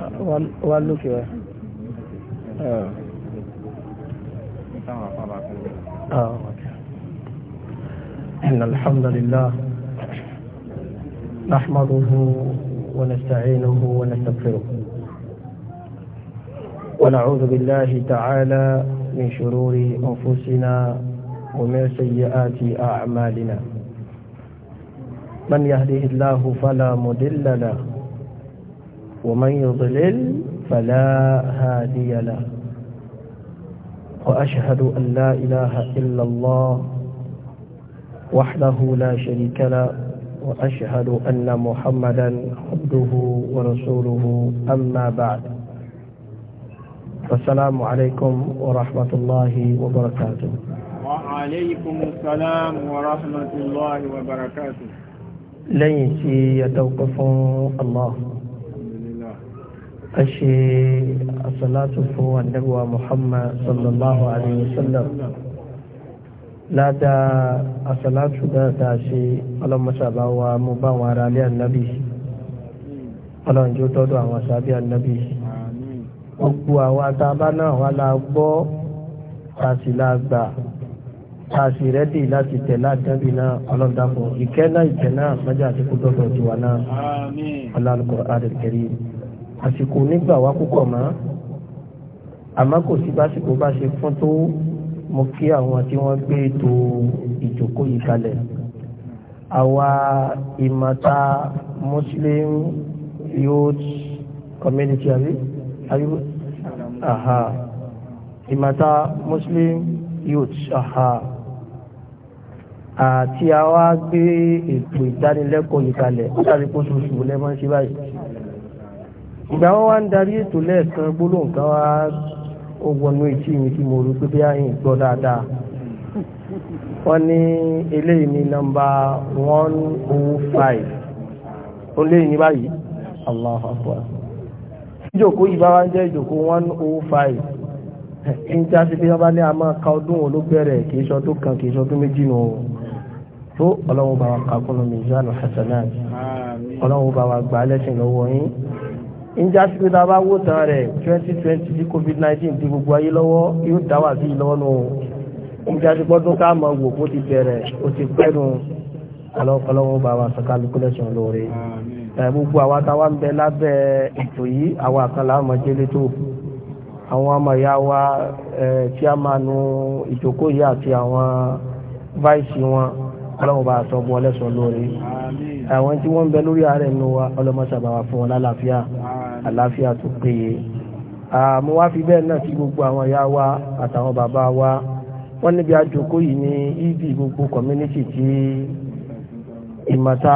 one look آه. آه، إن الحمد لله نحمده ونستعينه ونستغفره ونعوذ بالله تعالى من شرور أنفسنا ومن سيئات أعمالنا من يهده الله فلا مضل له ومن يضلل فلا هادي له وأشهد أن لا إله إلا الله وحده لا شريك له وأشهد أن محمدا عبده ورسوله أما بعد السلام عليكم ورحمة الله وبركاته وعليكم السلام ورحمة الله وبركاته ليس يتوقف الله أشي الصلاة فهو النبوة محمد صلى الله عليه وسلم لا دا الصلاة دا دا شي اللهم صل ومبارك على النبي ọlọ́run jó tọ́dọ̀ àwọn sábẹ́ ànábì gbogbo àwọn àtàbá náà wà la gbọ́ ta sì la gbà ta sì rẹ́dì láti tẹ̀ látẹ́bí náà ọlọ́run dàpọ̀ ìkẹ́ náà ìkẹ́ náà mọ́jà àti kúndọ̀dọ̀ tiwa náà ọlọ́run àsìkò nígbà wá púpọ̀ mọ́ àmọ́ kò sí básìkò bá ṣe fún tó mo kí àwọn tí wọ́n gbé ètò ìjókòó yìí kalẹ̀ àwa ìmọ̀ta Muslim Youth Community àbí àbí aha ìmọ̀ta Muslim Youth aha àti àwa gbé ètò ìdánilẹ́kọ̀ọ́ yìí kalẹ̀ ó dàbí kó lẹ́mọ́ sí báyìí ìgbà wọn wá ń darí ètò lẹ́ẹ̀kan gbólóhùn kan wá ó wọnú etí mi tí mo rò pé bí àyìn gbọ́ dáadáa wọ́n ní eléyìí ní nọ́mbà one oh five ó léyìí ní báyìí allah akbar ìjòkó yìí bá wá ń jẹ́ ìjòkó one oh five ń já sí pé wọ́n bá ní a máa ka ọdún wo ló bẹ̀rẹ̀ kì í sọ tó kan kì í sọ tó méjì nù ọ́ tó ọlọ́run bá wa kà kúnnú mi ìyá àlọ́ hasanat ọlọ́run bá wa gbà á lẹ́sìn lọ́wọ́ yín njẹ́ àsìkò tá a bá wò tán rẹ̀ twenty twenty tí covid nineteen di gbogbo ayé lọ́wọ́ yóò dá wà sí lọ́wọ́ nù njẹ́ àsìkò ọdún ká mọ̀ wò kó ti bẹ̀rẹ̀ ó ti pẹ́ nù alọ́kọlọ́wọ́ bá wa sọ̀kalùkù lẹ́sùn lóore gbogbo àwa táwa ń bẹ lábẹ́ ètò yìí àwa kan là mọ̀ jẹ́lé tó àwọn ọmọ wa tí a máa nu ìjókòó yìí àti àwọn báìsì wọn ọlọ́run bá sọ bọ́ lẹ́sùn lóore àwọn tí wọ́n ń bẹ lórí ààrẹ nù wa ọlọ́mọ sábà wà fún wọn lálàáfíà àlàáfíà tó péye mo wá fi bẹ́ẹ̀ náà kí gbogbo àwọn ìyá wa àtàwọn bàbá wa wọ́n níbi àjòkó yìí ní ibi gbogbo community tí ìmọ̀ta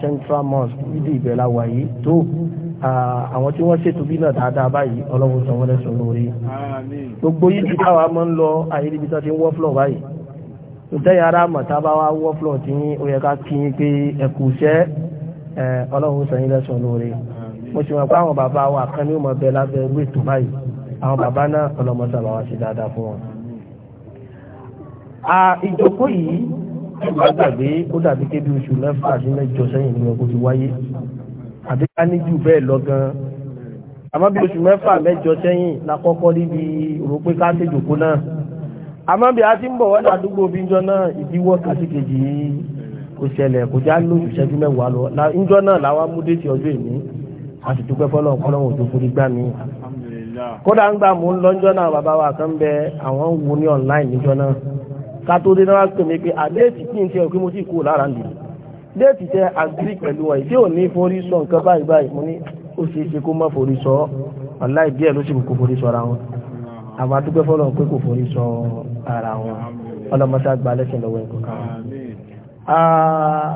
central mosque ibi ìbẹ̀là wà yìí tó àwọn tí wọ́n ṣètò bí náà dáadáa báyìí ọlọ́run sọ wọ́n lẹ́sọ̀ lórí gbogbo yìí ti káwa máa ń lọ àyèríbi tó ti ń wọ́ flọ̀ báyìí ìtẹ́yà ara mọ̀ta bá wá wọ́ flọ̀ tí ó yẹ ká kí n pé ẹ̀kú iṣẹ́ ọlọ́run sọ yín lẹ́sọ̀ lórí mo sì mọ̀ pé àwọn bàbá wa kan ní ó mọ̀ bẹ lábẹ́ irú ètò báyìí àwọn bàbá náà ọlọ́mọdé àbáwá ṣe dáadáa fún wọn. a ìjókòó yìí ìgbà gbàgbé ó dàbí pé bí oṣù mẹ́fà sí mẹ́jọ sẹ́yìn ni ẹ̀kọ́ ti wáyé àbí ká ní jù bẹ́ẹ̀ lọ gan àmọ́ bí oṣù mẹ́fà mẹ́jọ sẹ́yìn la kọ́kọ́ níbi rò pé ká ṣe jòkó náà àmọ́ bí a ti ń bọ̀ wọ́n ládùúgbò bíjọ́ náà ìdíwọ́ kásìkejì kò ṣẹlẹ̀ kò já lóṣù ṣẹ́jú mẹ́wàá lọ níjọ́ a sì dúpẹ́ fọlọ́n fọlọ́n òjò forí gbá mi. kódà ń gbà mú lọ́jọ́ náà bàbá wa kan bẹ àwọn wo ní online níjọ́ náà ká tó dé náà pè mí pé àdéhìtì kí n ṣe òkè mo sì kú lára nìyí déètì tẹ agiri pẹ̀lú wọn tí ò ní forí sọ nǹkan báyìí báyìí mo ní ó ṣe é ṣe kó má forí sọ aláì díẹ̀ ló sì kò forí sọ ara wọn àmọ́ adúpẹ́ fọlọ́n pé kò forí sọ ara wọn ọlọ́mọṣẹ́ àgbà lẹ́sìn lọ́wọ́ ẹ̀kọ́ kan ah,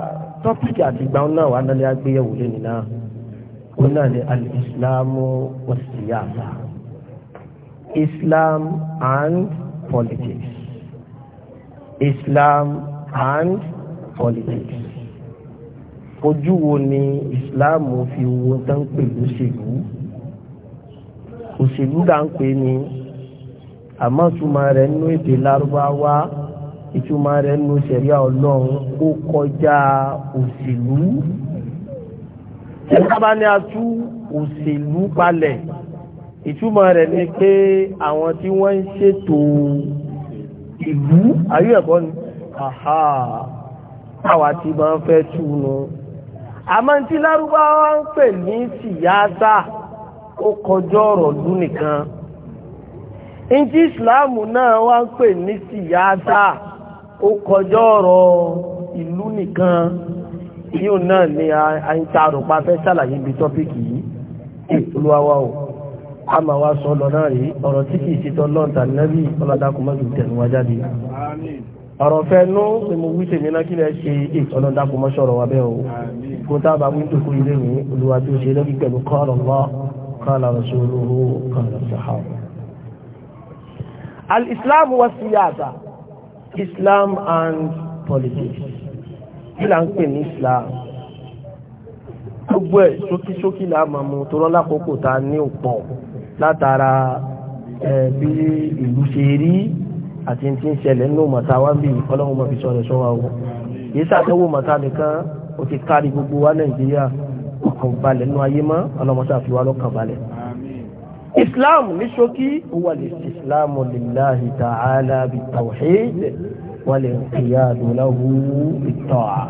tọ́pìkì àti ìgbà náà wà nílé agbéyẹ̀wò lẹ́nìí náà òun náà ni alìsílámù wàsíyàmà Islam and politics Islam and politics ojú wo ni Islam fi wo tán pè lóṣèlú òṣèlú là ń pè ní àmọ́ ìtumọ̀ rẹ̀ nínú èdè lárúbáwá ìtumọ̀ rẹ̀ nínú ṣẹ̀ríà ọlọ́run ó kọjá òṣèlú ẹ̀ka ni a tú òṣèlú palẹ̀ ìtumọ̀ rẹ̀ ni pé àwọn tí wọ́n ń ṣètò ìlú ayé ẹ̀kọ́ ni àhà àwa tí máa ń fẹ́ tú nu àmọ́ tí lárúbáwá ń pè ní sìyáàsá ó kọjọ́ ọ̀rọ̀ lú nìkan ìjì ìsìláàmù náà wá ń pè ní sìyáàsá ó kọjọ́ ọ̀rọ̀ ìlú nìkan yíò náà ni a ń ta àrùpá fẹ́ ṣàlàyé ibi tọ́pìkì yìí kí olúwawa o a máa wá sọ lọ rí ọ̀rọ̀ tí kìí ṣe tán lọ́ọ̀tà nẹ́bí ọlọ́dàkùnmọ́sù tẹ̀nuwá jáde ọ̀rọ̀ fẹ́ nú ni mo wí tèmi náà kí lẹ́ ṣe ọlọ́dàkùnmọ́sù ọ̀rọ̀ wa bẹ́ẹ̀ o kó tábà wí tòkú ilé mi olúwa tó ṣe lọ́bí pẹ̀lú qala Allah qala rasuluhu qala sahaba al-islam wa siyasa islam and politics kí là ń pè ní Islam gbogbo ẹ̀ ṣókíṣókí là máa mú tó lọ́lá kókò ta ní òpọ̀ látara bí ìlú ṣe rí àti tí ń ṣẹlẹ̀ nínú mọ̀ta wá bí ọlọ́run mọ̀ fi sọ̀rọ̀ sọ́wọ́ wọn kìí sàtẹ́wò mọ̀ta nìkan ó ti kárí gbogbo wa Nàìjíríà ọkàn balẹ̀ nínú ayé mọ́ ọlọ́mọṣà fi wá lọ́kàn balẹ̀. Islam ní ṣókí ó wà lè ṣe Islam lillahi ta'ala bi tawhid والانقياد له بالطاعة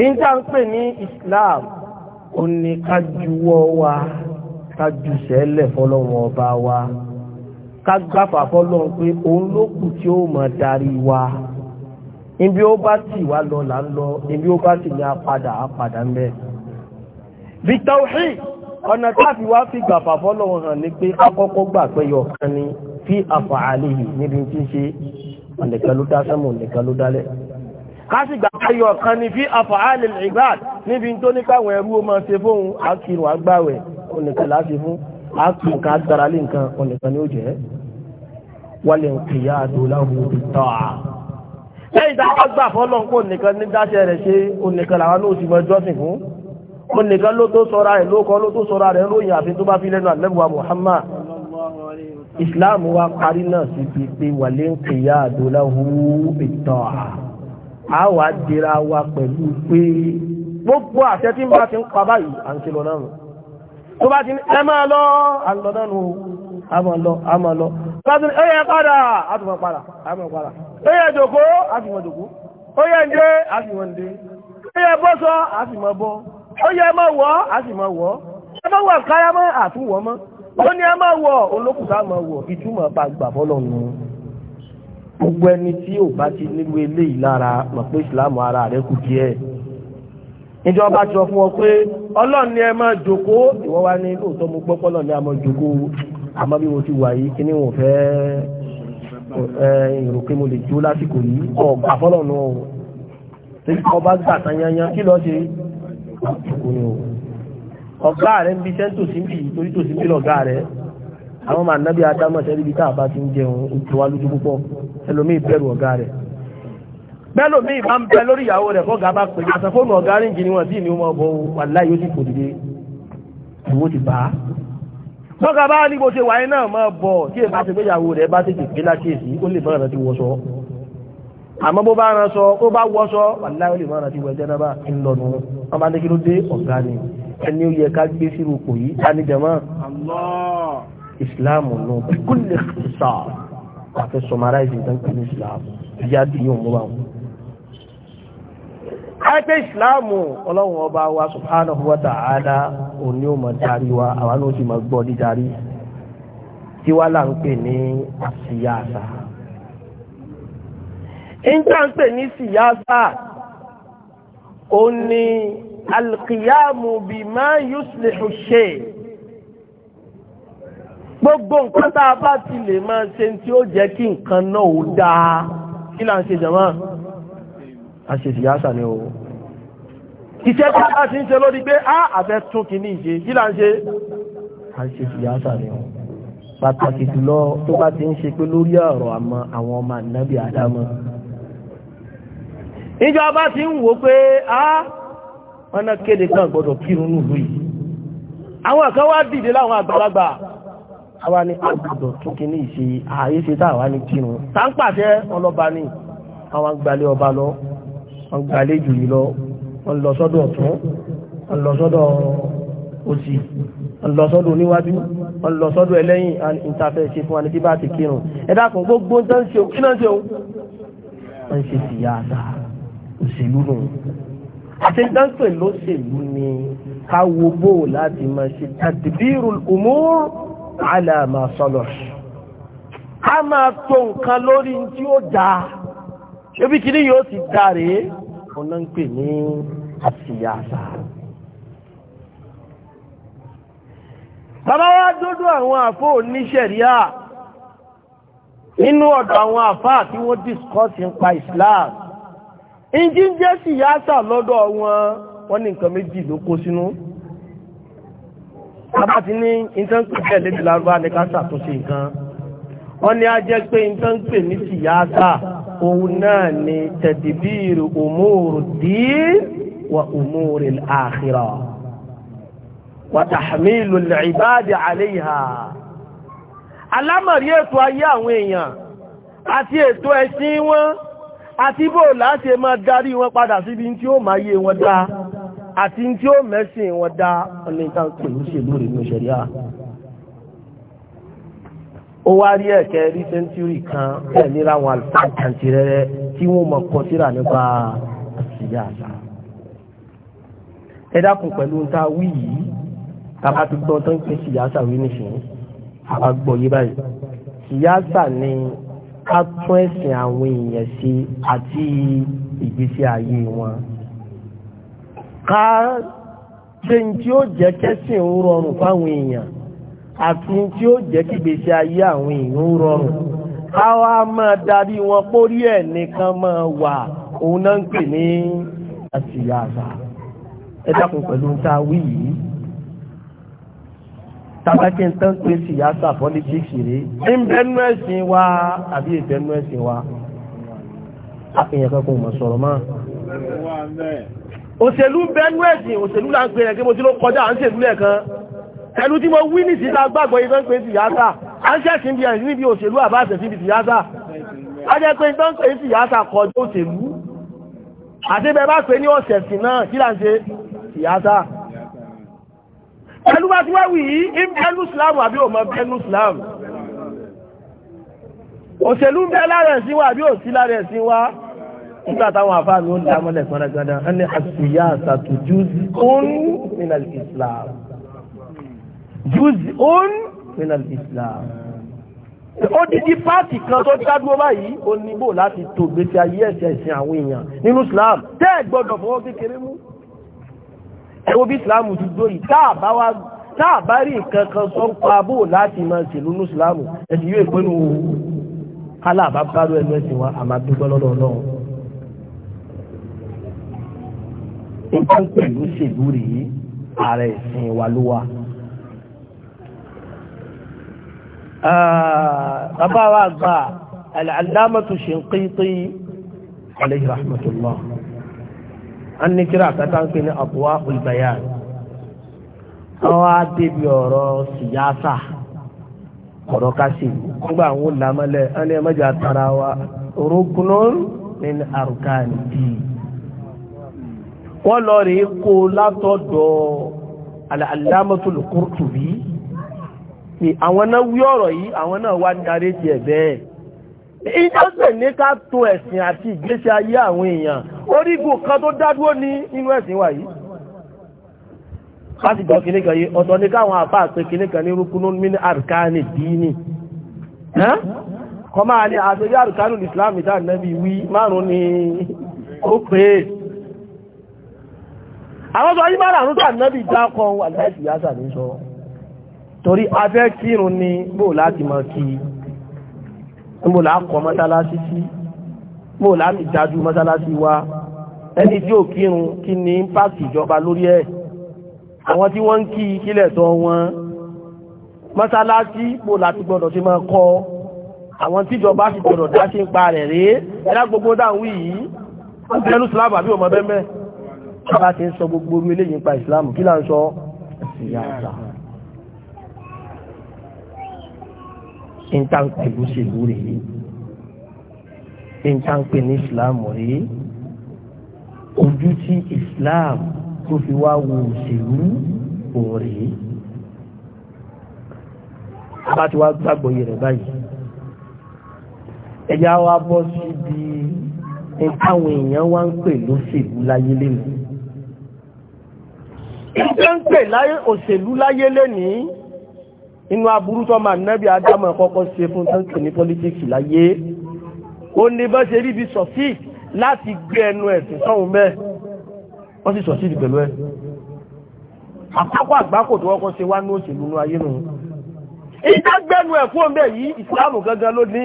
إن كان pè إسلام ó ní ká juwọ́ wa ká ju sẹ́lẹ̀ fọlọ́run ọba wa ká gbáfà fọlọ́run pé òun ló kù tí ó mọ̀ darí wa ibi ó bá tì wá lọ là ń lọ ibi ó bá tì ní apádà apádà ń bẹ. bitawhid ọ̀nà táàfi wá fi gbà fàfọ́ lọ́wọ́ hàn ní pé akọ́kọ́ gbà pé kan ni fi àfà àlè yìí níbi tí ń ṣe ọ̀nìkan ló dá sẹ́mu ọ̀nìkan ló dálẹ̀ kásì gbà pé kan ni fi àfà àlè ìgbàd níbi tó ní káwọn ẹrú ó máa ṣe fóun àkìrùn àgbàwẹ̀ ọ̀nìkan láti fún àkìrùn ká dára lé nǹkan ọ̀nìkan ni ó jẹ́ wálé ń kìyà àdóláwò ìtọ́ à lẹ́yìn tá ó nìkan ló tó sọra rẹ̀ ló kọ́ ló tó sọra rẹ̀ lóyìn àfi tó bá fi lẹ́nu àlẹ́bùwà Muhammad islam wa parí náà sí ti pé wàlé ń kìyà àdóláwù ìtàn á wàá dira wa pẹ̀lú pé gbogbo àṣẹ tí n bá ti ń pa báyìí à ń kí lọ náà nù tó bá ti ní ẹ máa lọ à ń lọ náà nù a máa lọ a máa lọ bá ti ní ẹyẹ padà a tún máa padà a máa padà ẹyẹ jòkó a sì máa jòkó ẹyẹ ń a sì máa ń ẹyẹ bọ́sọ a sì máa bọ́ ó yẹ mọ́ wọ́ á sì mọ́ wọ́ ẹ mọ́ wọ́ káyá mọ́ àtúwọ́ mọ́ ó ní ẹ mọ́ wọ́ olókùtà mọ́ wọ́ ìtumọ̀ pa gbà fọ́lọ́ nù gbogbo ẹni tí ò bá ti nílò eléyìí lára mọ̀ pé ìsìlámù ara rẹ̀ kù díẹ̀ ìjọba sọ fún ọ pé ọlọ́run ni ẹ máa jòkó ìwọ wá ní lóòótọ́ mo gbọ́ pọ́lọ́ ni a máa jòkó àmọ́ bí mo ti wà yìí kí ni wọ́n fẹ́ èrò pé mo lè jó lásìkò yìí ọ̀gbà fọ́lọ́run o ọba gbà tán yanyan kí lọ́ọ́ ṣe ọ̀gá rẹ̀ ń bí iṣẹ́ tòsí bí torí tòsí bí lọ̀gá rẹ̀ àwọn ọmọ ànábì adámọ̀ṣẹ́ níbi tá a bá ti ń jẹun ojú wa lójú púpọ̀ ẹlòmíì bẹ̀rù ọ̀gá rẹ̀ bẹ́lòmíì bá ń bẹ lórí ìyàwó rẹ̀ kọ́gá bá pè àṣà fóònù ọ̀gá rìngì ni wọ́n sì ní ọmọ ọ̀bọ̀ wà láì yóò sì kò dìde ìwó ti bá a kọ́gá bá ní bó ṣe wáyé náà mọ́ bọ̀ tí èèyàn bá ti gbéyàwó rẹ̀ bá tètè gbé lákèsí ó lè bọ́ àmọ́ bó bá rán sọ ó bá wọ́sọ wàláwọ́ lè mọ́ra ti wọ ẹjẹ́ náà ń lọ́nu wọ́n bá ní kí ló dé ọ̀gá ni ẹni ó yẹ ká gbé sí ipò yìí ta ni jẹ̀mọ́ islam nù kúlẹ̀ sà àfẹ́ sọmaráìsì ìtàn pẹ̀lú islam ìyá dìyàn mú báwọn. àìpé islam ọlọ́run ọba wa subhanahu wa ta'ala òní ò mọ̀ darí wa àwa náà ó sì mọ̀ gbọ́ dídarí tí wàá là ń pè ní àṣìyá àṣà intanse ní siyasa ó ní alkiyamu bima yuslihu shay gbogbo nǹkan tá a bá ti lè máa ṣe tí ó jẹ́ kí nǹkan náà ó dáa kí là ń ṣe jàmáà a ṣe siyasa ni o iṣẹ́ tí a ti ń ṣe lórí pé ah, a àfẹ́ tún kì ìṣe kí là ń ṣe a ṣe siyasa ni o pàtàkì jùlọ tó bá ti ń ṣe pé lórí ọ̀rọ̀ àwọn ọmọ ànábì àdámọ́ níjọ bá ti ń wò pé á ọ̀nà kéde kan gbọ́dọ̀ kírun nílùú yìí àwọn kan wá dìde láwọn àgbàlagbà àwa ní àgbàdọ̀ tó kí ní ìṣe ààyè ṣe tá àwa ní kírun tá ń pàṣẹ ọlọ́ba ní àwọn gbalẹ̀ ọba lọ wọn gbalẹ̀ jù yìí lọ wọn lọ sọ́dọ̀ ọ̀tún wọn lọ sọ́dọ̀ òsì ọlọ́sọ́dọ̀ oníwájú ọlọ́sọ́dọ̀ ẹlẹ́yìn ìtafẹ́ ṣe fún àníkí bá ti kírùn ẹ̀dàkùn gbogbo tán ṣe òkú náà ṣe òun ṣe sí yáadáa òṣèlú nù àtẹ̀dáńpẹ̀ lọ́sẹ̀lú ni ká wo bó láti máa ṣe tadbirul umur ala ma salih ká máa tó nǹkan lórí tí ó dáa ṣébí kìíní yóò ti dáa rèé ọ̀nà ń pè ní àṣìyàṣà. bàbá wa dúdú àwọn àfọ oníṣẹ̀ríà nínú ọ̀dọ̀ àwọn àfáà tí wọ́n discuss nípa Islam ìjí ń jẹ́ síyáṣà lọ́dọ̀ wọn wọ́n ní nǹkan méjì ló kó sínú bàbá ti ní ìtànkù bẹ́ẹ̀ lédè lárúbá ní ká ṣàtúnṣe nǹkan wọ́n ní á jẹ́ pé ìtànkù ní síyáṣà òun náà ni tẹ̀dìbíìrì òmóòrò dín wa òmóòrò àkhírà wa tahmilu al-ibadi alámọ̀rí ètò ayé àwọn èèyàn àti ètò ẹ̀sìn wọn àti bó láti máa darí wọn padà síbi tí ó máa yé wọn dá àti tí ó mẹ́sìn wọn dá ọ̀nà ìtàkùn ìṣèlú rẹ̀ ní ṣẹ̀ríà ó wá rí ẹ̀kẹ́ rí sẹ́ńtúrì kan bẹ́ẹ̀ ní láwọn àlùfáà kàǹtì rẹ̀ tí wọ́n mọ̀ kọ́ síra nípa àṣìyá àṣà. ẹ dákun pẹ̀lú ń ta wí yìí tàbá ti gbọ́ tó ń pè síyá àṣà wí nìṣẹ́ àbá gbọ́ yé báyìí síyá àṣà ni ká tún ẹ̀sìn àwọn èèyàn ṣe àti ìgbésí ayé wọn ká ṣe ní tí ó jẹ́ kẹ́sìn ń rọrùn fáwọn èèyàn àti ní tí ó jẹ́ kí ìgbésí ayé àwọn èèyàn ń rọrùn ká wá máa darí wọn pórí ẹ̀ nìkan máa wà òun náà ń pè ní àṣìyàṣà ẹ dákun pẹ̀lú ń yìí tabaki ntan pe siyasa politics re nbẹnu ẹ̀sìn wa àbí ìbẹnu ẹ̀sìn wa àfihàn kankan mọ sọ̀rọ̀ mọ. òṣèlú bẹnu ẹ̀sìn òṣèlú là ń pè rẹ kí mo ti ló kọjá à ń ṣèlú lẹ́ẹ̀kan ẹnu tí mo wí ní síta gbàgbọ́ yìí tán pé siyasa à ń ṣẹ̀sìn bí ẹ̀sìn níbi òṣèlú àbá àṣẹ̀sìn bí siyasa a jẹ́ pé tán pé siyasa kọjá òṣèlú àti bẹ́ẹ̀ bá pè ní ọ̀sẹ̀sìn náà kí là ń ṣe siyasa pẹ̀lú bá ti wá wì yí ń bẹ́nu àbí ò mọ òṣèlú ń bẹ lára ẹ̀sìn wa àbí ò sí lára ẹ̀sìn wa nígbà táwọn àfáà mi ó ń dá mọ́lẹ̀ gbọ́dágbọ́dá ẹ ní àṣìyá àṣàtújú òun nínú Islam juz'un min al-islam odidi pàtì kan tó dádúró báyìí ó níbò láti tó gbèsè ayé ẹ̀sẹ̀ ẹ̀sìn àwọn èèyàn nínú islam tẹ́ gbọ́dọ̀ fọwọ́ kékeré mú ẹwọ́ bí ìsìláàmù ti gbó yìí táà bá rí nǹkan kan sọ ń pa bó láti máa ṣèlú ní ìsìláàmù ẹ̀sìn yóò ìpinnu owó kálá bá bárò ẹnu ẹ̀sìn wa àmà dúpẹ́ lọ́dọ̀ ọlọ́run. nǹkan pẹ̀lú ṣèlú rèé ààrẹ ìsìn wa ló wà. Ah, bàbá wa gba al-allamatu Shinqiti alayhi rahmatullah a ní kíra àkàtà ń pè ní àbúwá olùbáyà àwọn adébi ọ̀rọ̀ síyáṣà ọ̀rọ̀ kásì nígbà àwọn olùdámọ́lẹ̀ ẹni ẹ̀mẹ́jọ àtàrà wa rukunun min arkani di wọ́n lọ rèé kó látọ̀dọ̀ alàlámọ́tòlù Qurtubi àwọn náà wí ọ̀rọ̀ yìí àwọn náà wá ń darí tiẹ̀ ìjọsìn ní ká tó ẹ̀sìn àti ìgbésí ayé àwọn èèyàn orígun kan tó dádúró ní inú ẹ̀sìn wà yìí pásítọ̀ kìíní yìí ọ̀tọ̀ ní káwọn àpá àpé ní rúkúnú min arkani ní àṣeyọ́ arkanu islam wí márùn ni ó mo là á kọ́ mọ́sálásí sí mo là á mi dájú mọ́sálásí wa ẹni tí ò kírun kí ni impact ìjọba lórí ẹ̀ àwọn tí wọ́n ń kí kílẹ̀ tọ́ wọn mọ́sálásí mo là ti gbọ́dọ̀ sí máa kọ́ àwọn tíjọba sì gbọ́dọ̀ dá sí ń pa rẹ̀ rèé ẹ̀dá gbogbo dáhùn yìí wọ́n ti ẹnu sílámù àbí ọmọ ìtànkù ìlúṣèlú rèé ìtànkù ní islam rèé ojú tí islam tó fi wá wo òṣèlú òun rèé bá ti wá gbàgbọ́ yìí rẹ̀ báyìí ẹ̀yà wa bọ́ síbi ìtàwọn èèyàn wá ń pè lóṣèlú láyé lẹ́nu ìtànkù láyé òṣèlú láyé lẹ́nìí inú aburú tó máa nẹ́bí adámọ̀ kọ́kọ́ ṣe fún tó ń pè ní pọ́lítíkì láyé ó ní bá ṣe ríbi sọ̀fí láti gbé ẹnu ẹ̀sìn sọ́hun bẹ́ẹ̀ wọ́n sì sọ̀fí ìdí pẹ̀lú ẹ̀ àkọ́kọ́ àgbákò tó wọ́kọ́ ṣe wá ní òṣèlú ní ayé nù ìdágbẹ́nu ẹ̀ fún ọmọ yìí ìsìláàmù gangan ló ní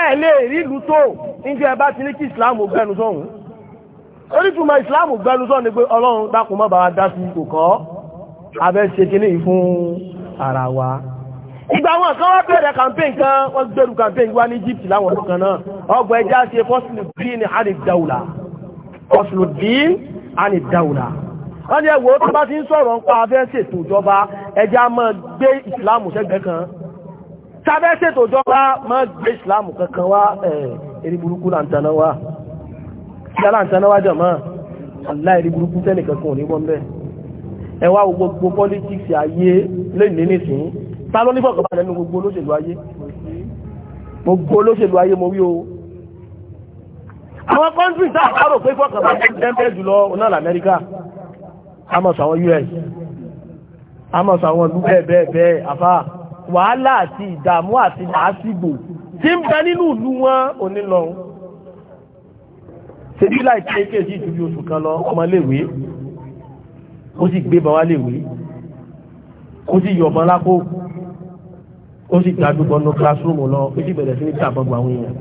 ẹ lè rí ìlú tó níjẹ́ ẹ bá ti ní kí ìsìláàmù gbẹnu sọ́hun orítumọ̀ ìsìláàmù gbẹnu sọ́hun ni pé ọlọ́run dákun má bàa dá sí ipò kan abẹ́ ṣe kí ní fún ara wa ìgbà wọn kan wá bẹ̀rẹ̀ campaign kan wọ́n gbẹ̀rù campaign wá ní Egypt láwọn ọdún kan náà ọgbọ̀ ẹja ṣe fọ́sùlùdín àni dáúlà fọ́sùlùdín àni dáúlà wọ́n ní ẹ̀wọ̀ tó bá ti ń sọ̀rọ̀ ń pa abẹ́ ṣètò ìjọba ẹja máa gbé ìsìláàmù sẹ́gbẹ̀ẹ́ kan sábẹ́ ṣètò ìjọba máa gbé ìsìláàmù kankan wá ẹ̀rí burúkú làǹtàná wá làǹtàná wá jọ̀ burúkú tẹ́nìkan ò ní wọ́n bẹ́ẹ̀ ẹ wá gbogbo politics ayé lẹ́nu nísìnyí ta ló nífọ̀kànbalẹ̀ nínú gbogbo olóṣèlú ayé gbogbo olóṣèlú ayé mo wí o àwọn kọ́ńtì tá a rò pé fọ̀kànbalẹ̀ tẹ́ńtẹ́ jùlọ náà lamẹ́ríkà àmọ́ sọ àwọn US àmọ́ sọ àwọn ìlú bẹ́ẹ̀ bẹ́ẹ̀ bẹ́ẹ̀ àfà wàhálà àti ìdààmú àti làásìgbò tí ń bẹ nínú ìlú wọn onílọ́run ṣe bí láì tẹ́ kéèjì ìdúbí oṣù kan lọ ọmọléèwé ó sì gbé bàwá lè wé ó sì yọ̀ ọ̀bọ̀n lápò ó sì gbàdúgbò ní kílásírúmù lọ ó sì bẹ̀rẹ̀ sí ní tàbọ̀gbò àwọn èèyàn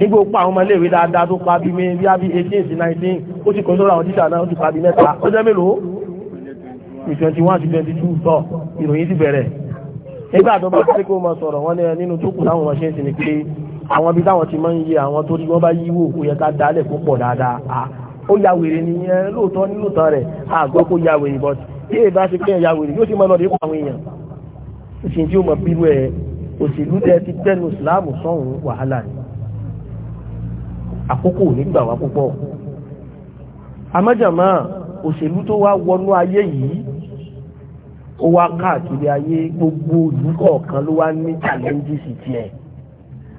nígbà ó pa àwọn ọmọléèwé dáadáa tó pa bí bí á bí eighteen sí nineteen ó sì kọ́ sọ́dọ̀ àwọn tíṣà náà ó sì pa bí mẹ́ta ó jẹ́ mélòó twenty one to twenty two tọ́ ìròyìn sì bẹ̀rẹ̀ nígbà tó bá pé kó mọ sọ̀rọ̀ wọn nínú tó kù táwọn ọmọṣẹ́ sì ni pé àwọn ibi táwọn ti máa ń yẹ àwọn tó rí wọn bá yíwò ó yẹ ká dálẹ̀ púpọ̀ dáadáa ó ya wèrè nìyẹn lóòótọ́ ní lóòótọ́ rẹ̀ àgbọ̀ kó ya wèrè bọ́t bí èyí bá ṣe pé ya wèrè yóò ti mọ lọ́dọ̀ ipò àwọn èèyàn ìsìn tí ó mọ bírú ẹ òṣèlú tẹ ti tẹnu ìsìláàmù sọ̀hún wàhálà ni àkókò ò ní gbà wá púpọ̀ amájàmá òṣèlú tó wá wọnú ayé yìí ó wá káàkiri ayé gbogbo ìlú kọ̀ọ̀kan ló wá ní challenges tiẹ̀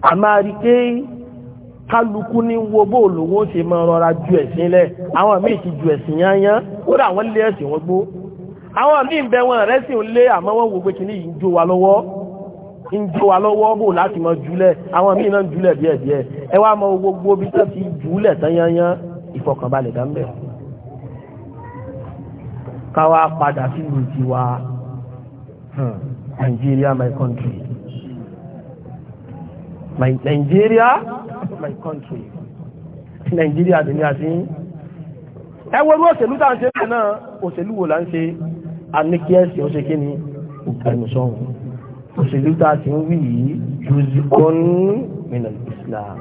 a máa rí pé kálukú ní wo bóòlù wọn ṣe máa rọra ju ẹ̀sìn lẹ̀ àwọn míì ti ju ẹ̀sìn yányán kódà wọ́n lé ẹ̀sìn wọn gbó àwọn míì ń bẹ wọn rẹ̀ sì ń lé àmọ́ wọ́n wo pé kí ní yìí ń jó wa lọ́wọ́ ń jó wa lọ́wọ́ bò láti máa jùlẹ̀ àwọn míì náà jùlẹ̀ díẹ̀ díẹ̀ ẹ wá mọ gbogbo bí tó ti jùlẹ̀ tán yányán ìfọkànbalẹ̀ dá ń bẹ̀. káwa padà sí ìlú tiwa hmm. Nigeria my country my Nigeria my country nàìjíríà dùn ní àti ẹwọ orú òṣèlú tàà ń ṣe bẹ́ẹ̀ náà òṣèlú wò là ń ṣe aníkíẹ́sì ọ̀ṣẹ́ kí ni ògbẹ̀nusọ́hùn òṣèlú tàà ti ń wí yìí jùzí ọ́n mìíràn Islam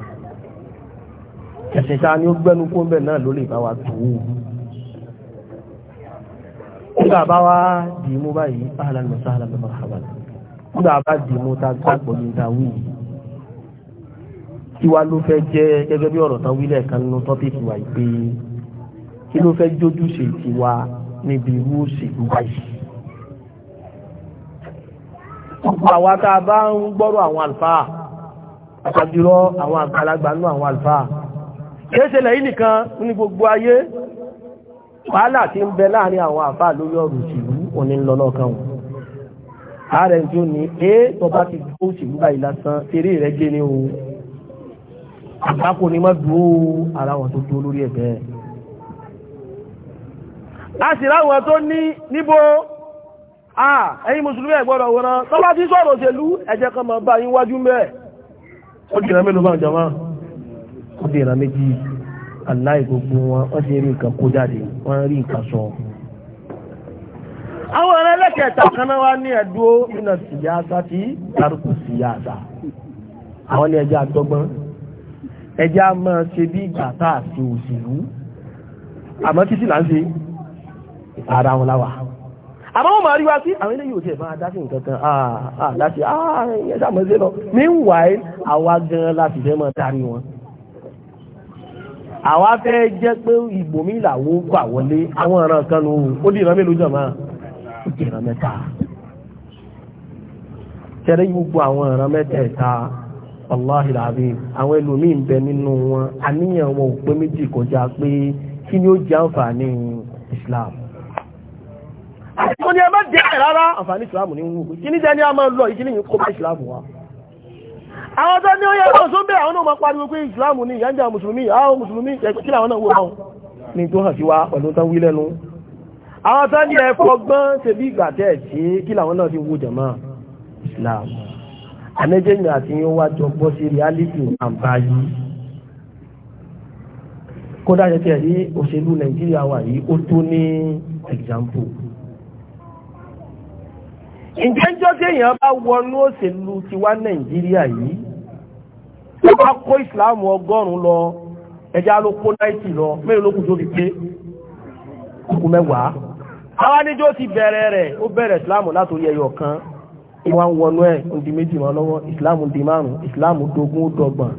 ẹ̀sìn tàà ni ó gbẹ́nu kó bẹ́ẹ̀ náà ló lè bá wa tó o nígbà bá wá dì í mú báyìí ahlan wa sahlan wa marhaban nígbà bá dì í mú tá a gbàgbọ́ ní ta wí yìí kí wàá ló fẹ́ jẹ́ gẹ́gẹ́ bí ọ̀rọ̀ tán wílẹ̀ kan nínú tọ́pìkì wa yìí pé kí ló fẹ́ jójúṣe tiwa níbi irú òṣèlú báyìí. ọ̀pọ̀ àwa tá a bá ń gbọ́rọ̀ àwọn àlùfáà àtàjùlọ àwọn àgbàlagbà nínú àwọn àlùfáà kìí ṣẹlẹ̀ yìí nìkan ní gbogbo ayé wàhálà tí ń bẹ láàrin àwọn àlùfáà lórí ọ̀rọ̀ òṣèlú òní ńlọ́lọ́kan wọn ààrẹ tí ó ní é ti gbó òṣèlú báyìí lásán eré rẹ̀ gé ní ohun àgbákò ni má dúró ara wọn tó dúró lórí ẹ̀bẹ̀ a sì ráwọn tó ní níbo à ẹ̀yin mùsùlùmí ẹ gbọ́dọ̀ wọ́n tó bá ti sọ̀rọ̀ òṣèlú ẹ jẹ́ kan máa bá yín wájú mẹ́ ó dìran mélòó bá ń jọmọ́ ó dìran méjì aláì gbogbo wọn wọ́n sì rí nǹkan kó jáde wọ́n rí nǹkan sọ àwọn ọ̀rẹ́ lẹ́kẹ̀ẹ́ta kan wá ní ẹ̀dúró nínú síyáàsá tí tárùkù síyáàsá àwọn ní ẹjẹ́ àtọ́gbọ́n ẹjẹ́ a máa ṣe bí ìgbà tá a ṣe òṣèlú àmọ́ títí là ń ṣe ara wọn láwà àmọ́ wọ́n máa rí wá sí àwọn eléyìí ò tiẹ̀ máa dá sí nǹkan kan sàmọ́ sí lọ meanwhile àwa gan láti fẹ́ máa darí wọn àwa fẹ́ jẹ́ pé ìgbòmí làwọn gbà wọlé àwọn ọ̀ràn kan nù ó dì ìran mélòó ó dì ìran mẹ́ta tẹ́lẹ̀ gbogbo àwọn ọ̀ràn mẹ́tẹ̀ẹ̀ta wàláhì làbí àwọn ẹlòmíì ń bẹ nínú wọn àníyàn wọn ò pé méjì kọjá pé kí ni ó jẹ àǹfààní Islam wọ́n ní ẹ má jẹ́ rárá àǹfààní ìsìláàmù ní wù kí ní jẹ́ni a máa lọ ìkíní yìí kó bá ìsìláàmù wa àwọn tó ní ó yẹ lọ sóbẹ̀ àwọn náà máa pariwo pé ìsìláàmù ní ìyáǹjà mùsùlùmí àwọn mùsùlùmí kí làwọn náà wò báwọn ní tó hàn sí wa pẹ̀lú tán wí lẹ́nu àwọn tó ní ẹ fọgbọ́n ṣe bí ìgbà tẹ̀ sí kí làwọn náà fi wo jàmá ìsìláàmù àmẹ́jẹ̀mí àti yín wá jọ bọ́ sí reality àǹbá yìí kódà yẹ kí ẹ rí òṣèlú nàìjíríà wà yìí ó tó ní example. ǹjẹ́ jọ́ téèyàn bá wọnú òṣèlú tiwa nàìjíríà yìí ó bá kó ìsìláàmù ọgọ́rùn-ún lọ ẹja ló kó náìtì lọ mẹ́rin ló kù tó fi pé kókó mẹ́wàá. àwa níjó ti bẹ̀rẹ̀ rẹ̀ ó bẹ̀rẹ̀ ìsìláàmù látòrí ẹyọ kan wọ́n ń wọnú ẹ̀ ń di méjì wọn lọ́wọ́ Islam di márùn Islam dogun ó dọ́gbọ̀n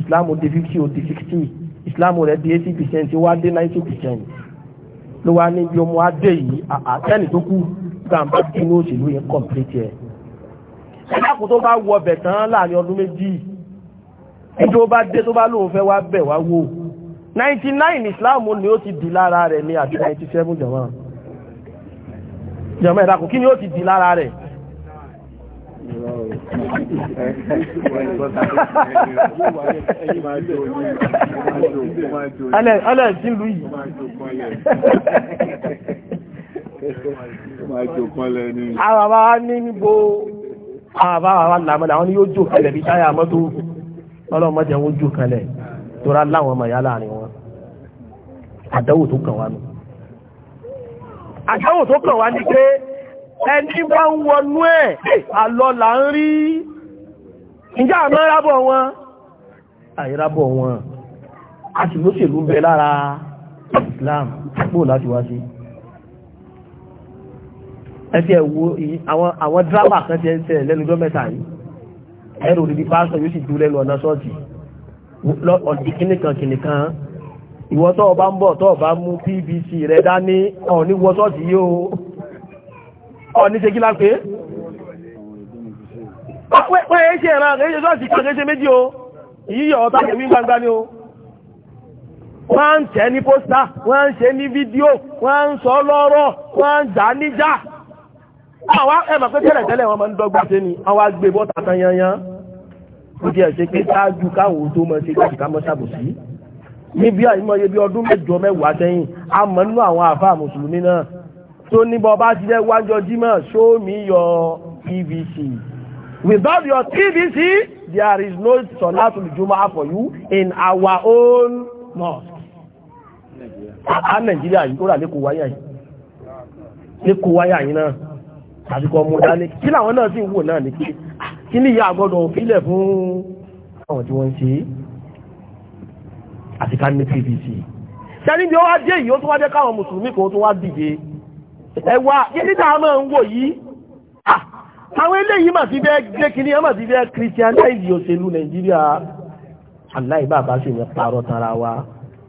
ìsìláàmù di fifty ó di sixty ìsìláàmù rẹ̀ di eighty percent wá dé ninety percent ló wá níbi ọmọ adé yìí àtẹ́nì tó kú gbàǹbá dínú òṣèlú yẹn kọ̀m̀plétì ẹ̀. ẹ̀dáàkú tó bá wọ ọbẹ̀ tán láàrin ọdún méjì ẹni bá dé tó bá lóun fẹ́ wá bẹ̀ wá wò ninety nine ìsìláàmù ni ó ti di lára rẹ̀ ní àti ninety seven jọ̀wọ́n jọ̀wọ́n ẹ̀dáàkú kí ni ó ti di lára rẹ̀ alẹ́ tí lú yìí àwọn bá ní níbo àwọn bá wà lámọ́lá wọn ni yóò jò kalẹ̀ bí táyà mọ́tò ọlọ́mọdé wọn jò kalẹ̀ tó rá láwọn ọmọ ìyá láàrin wọn àdáwò tó kàn wá ní pé ẹni bá ń wọnú ẹ̀ àlọ́là ń rí ìjá àmọ́ rábọ̀ wọn àìrábọ̀ wọn a sì ló ṣèlú bẹ lára Islam pò láti wá sí ẹ̀fẹ́ ẹ̀wọ́ àwọn drama kan ti ẹ̀ṣẹ̀ lẹ́nu jọ mẹ́ta yìí ẹ̀rù òdìdí pásítọ̀ yóò sì dúró lẹ́nu ọ̀nà ṣọ́ọ̀tì ọ̀dì kìnnìkan kìnnìkan ìwọ tó o bá ń bọ̀ tó o bá mú PVC rẹ dání ọ̀ní wọ ṣọ́ọ̀tì ọ̀ní ṣe kí lápé pẹ́ ṣe ẹ̀ràn àgbẹ̀ṣẹ́ sọ́ọ̀sì kan kẹ́ṣẹ́ méjì o yíyọ ọ̀tá kẹ̀mí gbangba ni o wọ́n ń tẹ́ ní pósítà wọ́n ń ṣe ní fídíò wọ́n ń sọ lọ́rọ̀ wọ́n ń jà níjà àwa ẹ̀mọ̀ pé tẹ́lẹ̀ tẹ́lẹ̀ wọn máa ń dọ́gba ṣe ni àwa gbé bọ́ta tán yanyan ó di ẹ̀ṣẹ́ pé ṣáájú káwọn tó mọ̀ ṣe káàkiri ká mọ́ ṣàbòsí níbi àìmọye bí ọdún mẹ́jọ mẹ́wàá sẹ́yìn a mọ̀ nínú àwọn tó ní bọ́ bá ti jẹ́ wájọ́ jímọ̀ show me your PVC without your PVC there is no to be juma for you in our own mosque a nàìjíríà yìí tó rà lẹ́kọ̀ọ́ wáyà yìí lẹ́kọ̀ọ́ wáyà yìí náà àsìkò ọmọ dání kí làwọn náà sì ń wò náà ní pé ah, kí ní ìyá àgọ́dọ̀ òfilẹ̀ fún àwọn tí wọ́n ń ṣe àti ká ní PVC ṣe ní bí ó wá dé yìí ó tún wá jẹ́ káwọn mùsùlùmí kan ó tún wá dìde ẹwà yẹ́dídà máa ń wò yìí àwọn eléyìí mà ti bẹ́ gbé kìíní ọmọ ti bẹ́ christianize òṣèlú nàìjíríà aláìbàbá sì ní parọ́ tara wa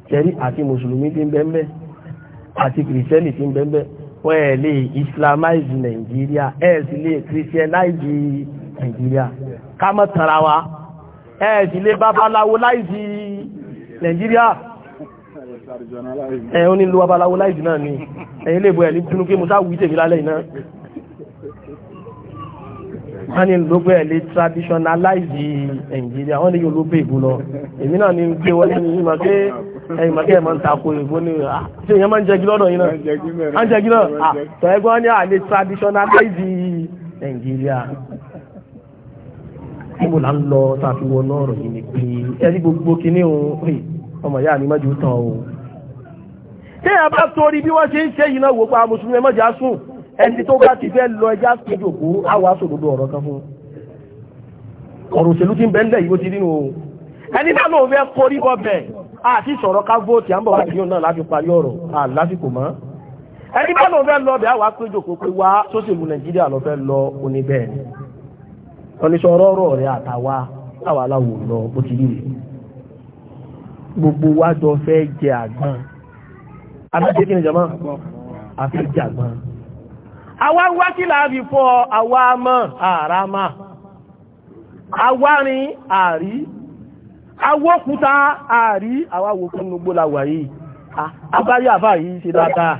tẹ́rí àti mùsùlùmí ti ń bẹ́ńbẹ́ àti kìrìsẹ́nì ti ń bẹ́ńbẹ́ wọ́n ẹ̀ lè islamize nàìjíríà ẹ̀ sì lè christianize nàìjíríà ká mọ́ tara wa ẹ̀ sì lè babaláwo láìsí nàìjíríà ẹ̀ ó ní lu abaláwo láìsí náà ni ẹ̀yìn lè bọ̀ ẹ̀ ní dunu pé mo sá wí tèmi lálẹ́ iná wọ́n ní ló bẹ́ẹ̀ lè traditionalize Nàìjíríà wọ́n ní yóò ló bẹ́ẹ̀ bú lọ èmi náà ní gbé wọlé ní ìmọ̀ pé ẹ̀yìn màkẹ́ ẹ̀ máa ń takò èbó ní ṣé ìyẹn máa ń jẹ́gi lọ́dọ̀ yìí náà máa ń jẹ́gi náà tọ́ ẹgbẹ́ ní àlè traditionalize Nàìjíríà níbo là ń lọ tàbí wọnú ọ̀rọ̀ yìí ni pé ẹni gbogbo kinní òun ọmọ ìyá mi má ju tán o. téèyàn bá torí bí wọ́n ṣe ń ṣe yìí náà wò pa mùsùlùmí ẹ mọ̀já sùn ẹni tó bá ti fẹ́ lọ ẹja síjòkó àwọn aṣòdodo ọ̀rọ̀ kan fún ọ̀rọ̀ òṣèlú ti ń yìí ti o ẹni lóun fẹ́ korí bọ́ àti sọ̀rọ̀ ká vóòtì wá náà láti parí ọ̀rọ̀ àlásìkò ẹni bá lóun fẹ́ lọ bẹ̀ pé wá sóṣèlú nàìjíríà lọ fẹ́ lọ rí gbogbo àbájẹ́ kí ni jọmọ́ àfi jàgbọ́n àwa ń wá kí láàbì fọ́ àwa mọ́ àràmà àwárin àrí awókúta àrí àwáwò fún gbogbo làwà yìí abárí àbá yìí ṣe dáadáa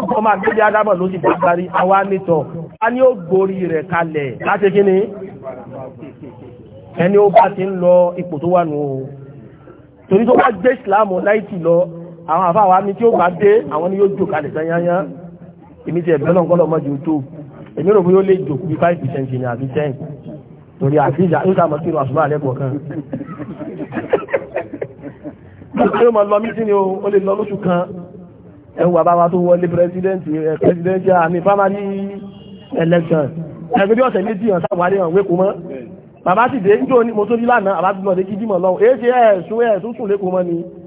ọkọ̀ máa gbé bí adámọ̀ ló sì dágbárí àwa nìtọ̀ a ní ó gborí rẹ̀ kalẹ̀ láti kí ni ẹni ó bá ti ń lọ ipò tó wà nù o torí tó bá gbé ìsìláàmù láìtì lọ àwọn àfáà wa mi tí ó bá dé àwọn ni yóò jò kalẹ̀ tán yányá èmi ti ẹ̀bẹ̀ lọ́nkọ́ lọ́mọ jù tó èmi rò pé ó lè jò bí five percent ní àbí ten torí àfíjà ó sàmọ́ kí ló àṣùmọ́ àlẹ́ pọ̀ kan bí ó lọ mí sí ni ó lè lọ lóṣù kan ẹ̀wù bàbá wa tó wọlé pírẹsidẹ́ǹtì eh, pírẹsidẹ́ǹtì àmì primary election ẹgbẹ́ bí ọ̀sẹ̀ méjì hàn sáwọn àríyàn wéko mọ́ bàbá ti dé ń jò ní mo tó ní lánàá àbá ti lọ dé kí dímọ̀ lọ́wọ́ èé ṣe ẹ̀ẹ́sùn ẹ̀ẹ́sùn sùn léko mọ́ ni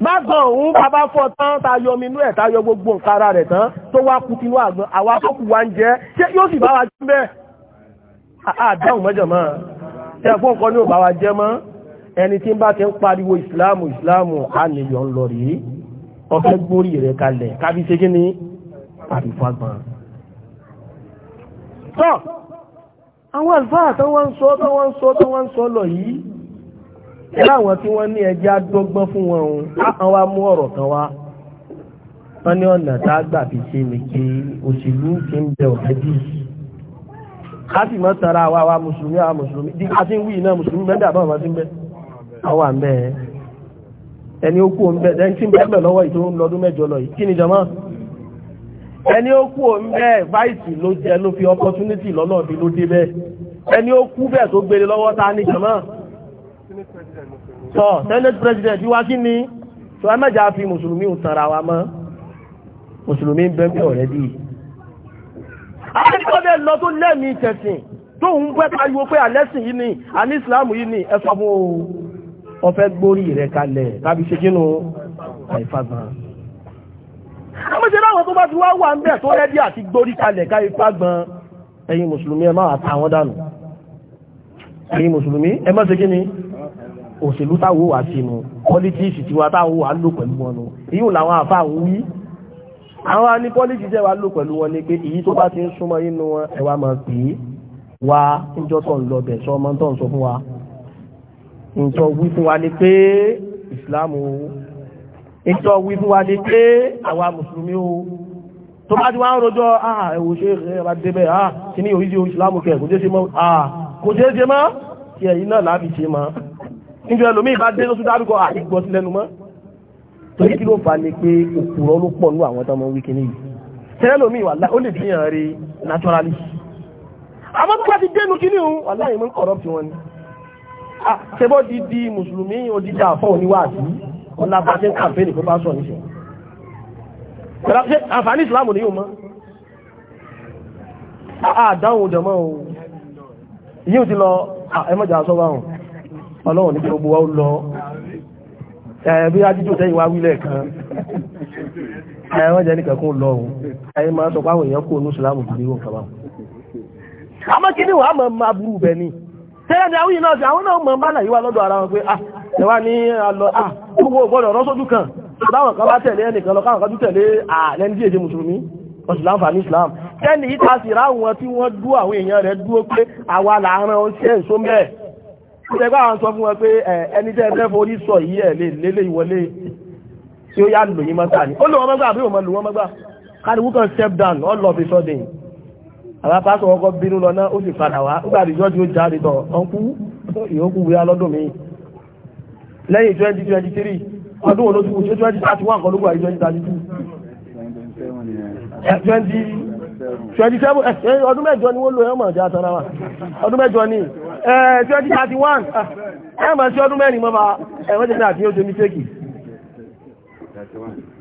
bákan òun bàbá fọ́ tán ta yọ omi inú ẹ̀ ta yọ gbogbo nǹkan ara rẹ̀ tán tó wá kú tinú àgbọn àwa tó kù wá ń jẹ ṣé yóò sì bá wa jẹ bẹ́ẹ̀ àdáhùn mọ́jọ̀ mọ́ ṣe fún nǹkan ní ò bá wa jẹ mọ́ ẹni tí ń bá ti ń pariwo ìsìláàmù ìsìláàmù á nìyọ̀ ń lọ rèé ọfẹ́ gbórí rẹ̀ kalẹ̀ kábí ṣe kí ni àrífàgbọ́n tọ́ àwọn àlùfáà tó wọ́n ń sọ tó wọ́n ń sọ tó wọ́n ń sọ lọ yìí láwọn tí wọ́n ní ẹjẹ́ adọ́gbọ́n fún wọn òun láwọn wá mú ọ̀rọ̀ kan wá wọ́n ní ọ̀nà tá a gbà fi ṣe ni pé òṣèlú ti ń bẹ ọ̀rẹ́dì ká sì mọ́ tara wa wa mùsùlùmí àwa mùsùlùmí di a ti ń wí iná mùsùlùmí mẹ́ta àbáwọn máa ti ń bẹ àwọn à ń bẹ ẹni ó kú òun bẹ ẹni tí ń bẹ lọ́wọ́ yìí tó ń lọ́dún mẹ́jọ lọ yìí kí ni jọmọ́ ẹni ó kú òun bẹ fáìsì ló jẹ ló fi opportunity lọ́lọ́ọ̀bí ló dé bẹ́ẹ̀ ẹni ó kú bẹ́ẹ̀ tó gbére lọ́wọ́ ta ni jọmọ́ sọ senate president wá kí ni sọ ẹ mẹ́jà fi mùsùlùmí ń tanra wa mọ́ mùsùlùmí ń bẹ́ẹ̀ ọ̀rẹ́ bí. àwọn ìkọ́lẹ̀ lọ tó lẹ́mìí tẹ̀sìn tó ń bẹ́ pariwo pé àlẹ́sìn yìí ni àní ìsìláàmù yìí ni ẹ sọ fún o ọfẹ́ gbórí rẹ̀ kalẹ̀ tàbí ṣe kínú àìfagbọ́n. àmọ́ṣe láwọn tó bá ti wá wà ń bẹ̀ tó rẹ́dí àti gbórí kalẹ̀ ká ìfagbọ́n ẹ̀yin mùsùlùmí ẹ má wà táwọn dànù ẹ̀yin mùsùlùmí ẹ má ṣe kí ni òṣèlú táwo wà sí nu politics tiwa táwo wà lò pẹ̀lú wọn nu yíò làwọn àfa ń wí àwọn ní politics ẹ̀ wà pẹ̀lú wọn ni pé èyí tó bá ti ń súnmọ́ inú wọn ẹ̀ wá máa pè é wá níjọ́ tó ń lọ bẹ̀ sọ ọmọ tó ń sọ fún wa ìjọ wí fún wa ni pé ìsìláàmù ìjọ wí fún wa ni pé àwa mùsùlùmí o tó bá ti wá ń rojọ́ ẹ̀wò ṣe é bá débẹ̀ ah, kí ni òyìnbó ìsìláàmù kẹ̀ kò dé ṣe mọ́ ah, kò dé ṣe mọ́ kí ẹ̀yìn náà láàbì ṣe mọ́ níbi ẹlòmí ìbá dé lóṣù dárúkọ àti gbọ́ sí lẹ́nu mọ́ torí kí ló fà ní pé òpùrọ́ ló pọ̀ ní àwọn tọmọ wíkì ní yìí tẹ́lẹ̀lòmí wà láì ó lè fi hàn rí naturally àmọ́ tó bá ti dénú kí ní òun wà láì mú corrupt wọn ni ṣebọ́ di di mùsùlùmí odidi àfọ́ oníwàásí ọlábàṣẹ́ kàmpẹ́nì pé bá sọ níṣẹ́ àǹfààní ìsìláàmù ní yóò mọ́ àdáhùn òdòmọ́ òun yíò ti lọ ẹmọ́jà sọ́wọ́ àwọn ọlọ́run ní gbogbo wa ó lọ ẹ̀ẹ́bí ajíjò sẹ́yìn wá wílẹ̀ kan ẹ̀wọ́n jẹ́ nìkan kún lọ òun ẹ̀yìn máa sọ páwọn èèyàn kú onú ìsìlámù kìí wọn kàwá. àmọ́ kí ni wàá mọ̀ máa burú bẹ̀ ni tẹ́lẹ̀ ni àwíyìn náà sí àwọn náà mọ̀ bá nàìjíríà wá lọ́dọ̀ ara wọn pé ah ẹ̀wá ní àlọ́ ah gbogbo ògbọ́dọ̀ ọ̀rọ̀ sójú kan báwọn kan bá tẹ̀lé ẹnìkan lọ káwọn kan tún tẹ̀lé àlẹ́ni tí èdè mùsùlùmí ọ̀sùlám fàní islam tẹ́ni yìí ta sì ráwọn tí wọ́n dú àwọn èèyàn rẹ̀ dúró pé àwa làárán ó ṣe èso mẹ́ẹ̀ ìjẹgbà àwọn sọ fún wọn pé ẹni tẹ́ ẹgbẹ́ forí sọ yìí ẹ̀ lè lélẹ̀ ìwọlé tí ó yá lò yí mọ́ta ni ó lò wọ́n mọ́gbà àbí òmọ́ lò wọ́n mọ́gbà káàdìwú kan step down all of a sudden àwọn apáṣọ ọkọ̀ bínú lọ náà ó sì padà wá ó gbàdí jọ́jú ó jáde tọ̀ ọ̀nkú ìyókù wíyá lọ́dún mi lẹ́yìn twenty twenty three ọdún wo ló ti kù ṣé twenty thirty one kan ló kù àyè twenty thirty two twenty twenty seven ọdún mẹ́jọ ni wọ́n lò ẹ̀ ọmọ ìjà tọ́ra wa ọdún mẹ́jọ ni twenty thirty one ẹ mọ̀ sí ọdún mẹ́rin mọ́ba ẹ̀wọ́n jẹ́ àti ojú mistake.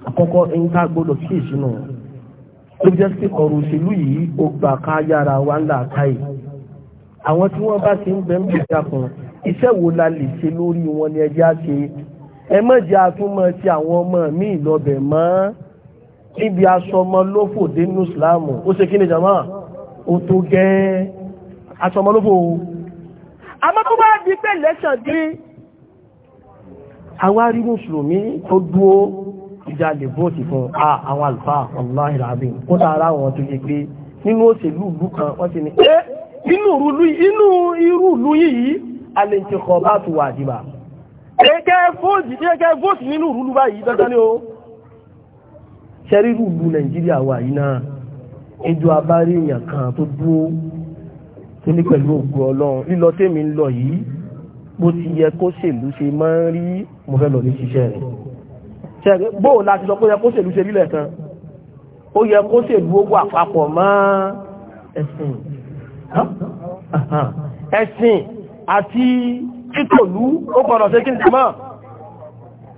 àkọ́kọ́ nǹkan gbọ́dọ̀ kí ìṣúná ló jẹ́ sí ọ̀rọ̀ òṣèlú yìí ó gbà ká yára wa ńlá káyì àwọn tí wọ́n bá ti ń bẹ̀ ń bẹ̀ dàkùn iṣẹ́ wo la lè ṣe lórí wọn ni ẹjẹ́ á ṣe ẹ mọ̀jẹ́ àtúmọ̀ ti àwọn ọmọ mi ìlọbẹ̀ mọ́ níbi aṣọmọ lófò dé nínú ìsìláàmù ó ṣe kí ni jàmá ó tó gẹ́ aṣọmọ lófò o àmọ́ tó bá di pé election dé àwárí mùsùlùmí tó dúó ìjà lè bóòtì fún àwọn àlùfáà ọláhìn àbí kó dára wọn tó yẹ pé nínú òṣèlú ìlú kan wọ́n ti ní pé inú irú ìlú yìí alẹ́ntì kan bá tó wà dìbà kẹ́kẹ́ vóòtì nínú ìlú báyìí dandan ni ó ṣẹ́rí ìlú Nàìjíríà wà yìí náà tó ní pẹ̀lú ògùn ọlọ́run lílọ tèmi ń lọ yìí bó ti yẹ kó ṣèlú ṣe máa ń rí mo fẹ́ lọ ní ṣiṣẹ́ rẹ̀ ṣẹ̀rẹ̀ bóò láti sọ pé yẹ kó ṣèlú ṣe rí lẹ́ẹ̀kan ó yẹ kó ṣèlú ogun àpapọ̀ mọ́ ẹ̀sìn ẹ̀sìn àti títòlú ó gbọ́dọ̀ ṣe kí n mọ́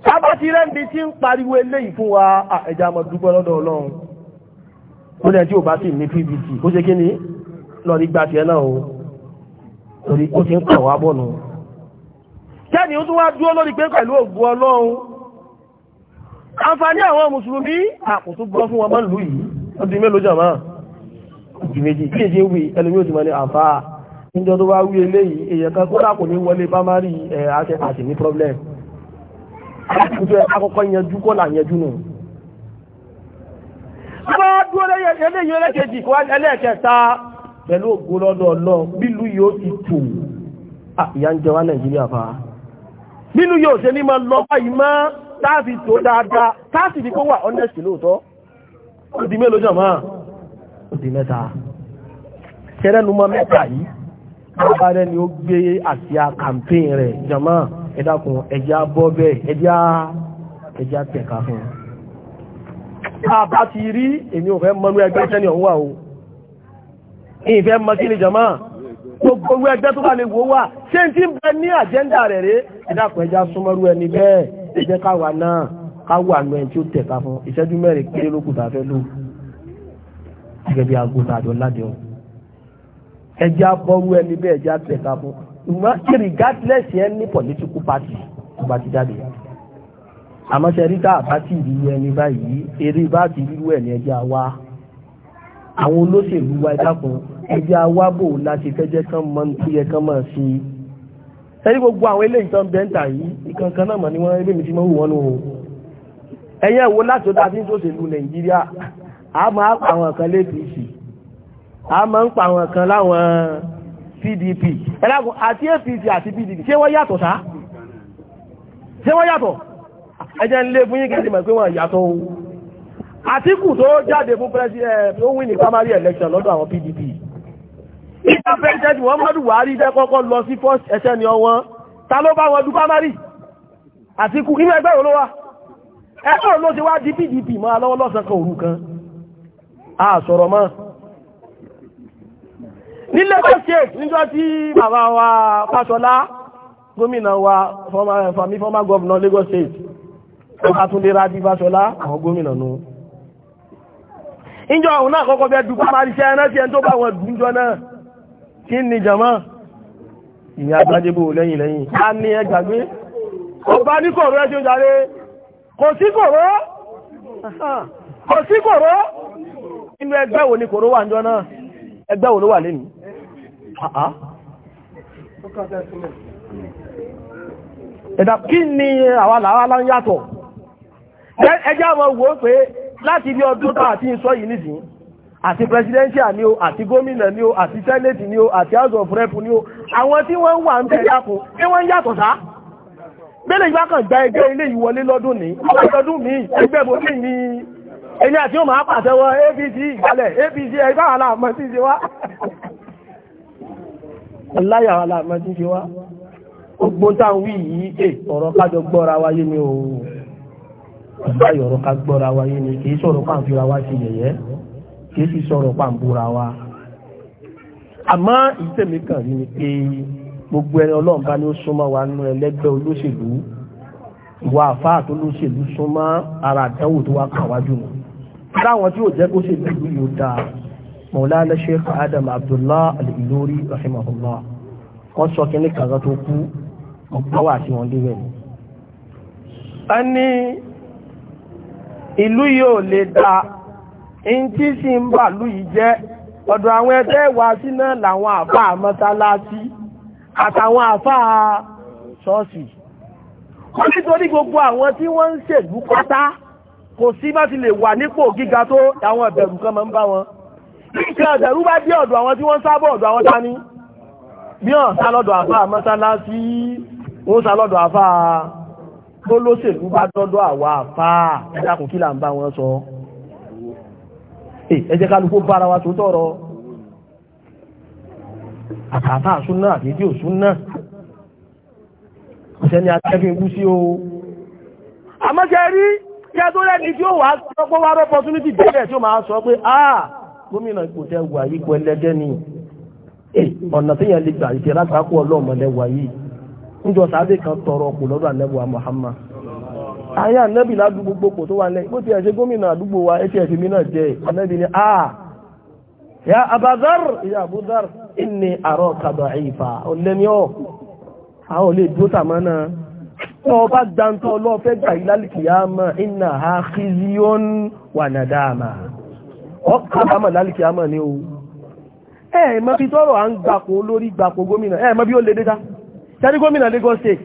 sábà ti rẹ́ǹdì tí ń pariwo eléyìí fún wa ẹja mọ̀ dúpẹ́ lọ́dọ̀ ọlọ́run ó lẹ́ẹ̀ tí ò bá sì ní pvc ó ṣe kí ni lọ́rí gbá tiẹ̀ náà o torí ó ti ń pọ̀ wá bọ̀ nù. kẹ́ni ó tún wá dúró lórí pé pẹ̀lú ògùn ọlọ́run àǹfààní àwọn mùsùlùmí àkùtù gbọ́ fún wọn mọ́ lù yìí ó di mélòó jàmá ìdí méjì kí èjì wí ẹlòmíì òtún mọ́ ní àǹfà níjọ tó wá wí eléyìí èèyàn kan kódà kò ní wọlé bá má kọ́ ẹlẹ́kẹ̀ẹ́ta pẹ̀lú ògo lọ́dọ̀ ọlọ́run bílú yóò ti tò ìyá ń jẹ wá nàìjíríà fa bílú yóò ṣe ní máa lọ báyìí má táàfi tó dáadáa táàfi fi kó wà honest lóòótọ́ ó di mélòó jọ̀ máa ó di mẹ́ta ṣẹlẹ́nu mọ́ mẹ́ta yìí agbára ni ó gbé àsíá campaign rẹ̀ jama ẹ dákun bọ́ bẹ́ẹ̀ ẹ̀já tẹ̀ka fún un ìfẹ́ mọ́ kí ni jọmọ́ gbogbo ẹgbẹ́ tó bá lè wò wà ṣé n ti bẹ ní àjẹ́ndà rẹ̀ rẹ̀ ìdàpọ̀ ẹja súnmọ́rú ẹni bẹ́ẹ̀ ẹjẹ́ káwa náà káwa nù ẹni tí ó tẹ̀ka fún ìṣẹ́jú mẹ́rin kéré ló kù tá a fẹ́ lò gẹ́gẹ́ bí aago tá a jọ ládé o ẹjẹ́ abọ́rú ẹni bẹ́ẹ̀ ẹjẹ́ àtẹ̀ka fún ìmọ̀ regardless yẹn ní political party tó bá ti jáde àmọ́ ṣe rí tá a ẹni báyìí eré bá ti rí ẹni ẹjẹ́ wa àwọn olóṣèlú wa ẹ ẹjẹ́ awábò láti fẹ́jẹ́ kán mọ́ tí yẹ kán máa ṣe ẹ̀rí gbogbo àwọn eléyìí tán bẹ́ńtà yìí ìkankan náà mọ̀ ní wọ́n ẹgbẹ́ mi ti mọ́ wù wọ́n nù o ẹ̀yẹ́ ìwo láti ọdá tí ń ṣòṣèlú nàìjíríà a máa pa àwọn kan l'APC a máa ń pa àwọn kan láwọn PDP ẹ̀lágùn àti APC àti PDP ṣé wọ́n yàtọ̀ sá ṣé wọ́n yàtọ̀ ẹjẹ́ ń lé fún yín kẹ́sì mọ̀ pé wọ́n yàtọ̀ o Àtíkù tó jáde fún pẹ́sì ẹ̀ tó win ní primary election lọ́dọ̀ àwọn PDP nígbà president muhammadu buhari fẹ́ kọ́kọ́ lọ sí first ẹsẹ̀ ni ọwọ́n ta ló bá wọn du primary àtìkù inú ẹgbẹ́ wo ló wà ẹgbẹ́ wo ló ti wá di pdp mọ́ alọ́wọ́ lọ́sàn kan òru kan a sọ̀rọ̀ mọ́ ní lagos state níjọ́ tí bàbá wa fáṣọlá gómìnà wa fami former state ọbátúndé rájí fáṣọlá àwọn gómìnà nù ìjọ òun náà kọ́kọ́ bẹ́ẹ̀ du primary ṣẹ́ ẹ̀rẹ́ sí ẹni tó bá wọn dùn jọ náà kí ni jama ìyá àgbájébò lẹ́yìn lẹ́yìn a ní ẹgbàgbé ọba ní kòrò ẹ́ tí ó jàre kò sí kòrò kò sí kòrò inú ẹgbẹ́ ni kòrò wà níjọ́ náà ẹgbẹ́ wo ló wà lẹ́nu ẹ̀dà kí ni àwa làwa lá ń yàtọ̀ ẹjẹ́ àwọn wo pé láti bí ọdún tó àti ìsọ yìí nìsìn àti presidential ni o àti gómìnà ni o àti senate ni o àti house of rep ni o àwọn tí wọ́n ń wà ń bẹ̀ yàtọ̀ pé wọ́n ń yàtọ̀ sá bẹ́ẹ̀ ìgbà kan gba ẹgbẹ́ ilé ìwọlé lọ́dún ní ọlọ́dún mi ẹgbẹ́ mo sì ní ẹni àti ó máa pàtẹ́wọ́ apc ìgbàlẹ̀ apc ẹgbẹ́ àwọn àmọ́ sí ṣe wá aláyà àwọn àmọ́ sí ṣe wá gbogbo táwọn wí yìí ké ọ̀rọ̀ kájọ gbọ́ra wáyé ni o ọ̀rọ̀ ká gbọ́ra wáyé ni kì í sọ̀rọ̀ káàkiri wá sí yẹ̀yẹ́ kì í sì sọ̀rọ̀ pàǹbúra wa àmọ́ ìtẹ̀mí kan ní pé gbogbo ẹni ọlọ́run bá ní ó súnmọ́ wa nínú ẹlẹ́gbẹ́ olóṣèlú ìwà àfáà tó lóṣèlú súnmọ́ ara àdánwò tó wá kàn wájú mọ́ láwọn tí ò jẹ́ kó ṣèlú ìlú yóò dáa Mawlana Sheikh Adam Abdullah Al-Ilori rahimahullah wọ́n sọ kínní kan tó kú ọ̀pọ̀ wà sí wọn débẹ̀ ni. a ní ìlú yóò lè dáa ntí sì ń bàlú yìí jẹ́ ọ̀dọ̀ àwọn ẹgbẹ́ wa sí náà làwọn àfa mọ́sálásí àtàwọn àfa ṣọ́ọ̀ṣì wọ́n nítorí gbogbo àwọn tí wọ́n ń ṣèlú pátá kò sí bá ti lè wà nípò gíga tó àwọn ìbẹ̀rù kan máa ń bá wọn nǹkan ìbẹ̀rù bá dé ọ̀dọ̀ àwọn tí wọ́n sábọ̀ ọ̀dọ̀ àwọn tání bí hàn sá lọ́dọ̀ àfa mọ́sálásí wọ́n sá lọ́dọ̀ àfa tó lóṣèlú bá dọ́dọ̀ àwa àfa ẹ̀dá kò kí là ń bá wọn sọ. So. Eh, ẹ jẹ́ kálukú bára wa tó tọrọ àtàtà súnà àtẹ́tí a súnà ìṣẹ́ni atẹ́fin kú sí o àmọ́ ṣe rí kí a tó lẹ́ni tí ó wà sọ pé wà rọ́pọ̀túnítì bẹ́ẹ̀ tí ó máa sọ pé ah gómìnà ipò tẹ wà yìí pọ̀ ẹlẹ́dẹ́ ni eh, ọ̀nà tí yẹn lè gbà ìṣẹ́ látàkù ọlọ́ọ̀mọ̀lẹ́wà yìí ń jọ kan tọrọ ọkù lọ́dọ̀ àlẹ́wà Muhammad àyà nẹ́bì ládùúgbò gbogbo tó wà lẹ́ bó ti ẹ̀ ṣe gómìnà àdúgbò wa ẹ̀ṣẹ̀ ẹ̀fì mi náà jẹ́ ànẹ́bì ni a ya abazar ya abuzar inni àrọ kàbà ìfà ọ̀lẹ́ni ọ̀ àwọn olè dúró tàmá náà tó o bá gbàǹtọ̀ ọlọ́ọ̀fẹ́ gbà yí lálìkìyàmà iná ha kìzíọ́n wà nàdáàmà ọkàbàmà lálìkìyàmà ni o ẹ̀ẹ̀mọ́ fi tọ́rọ̀ à ń gbàpò olórí gbàpò gómìnà ẹ̀ẹ̀mọ́ bí ó lè dé ta tẹ́rí gómìnà Lagos State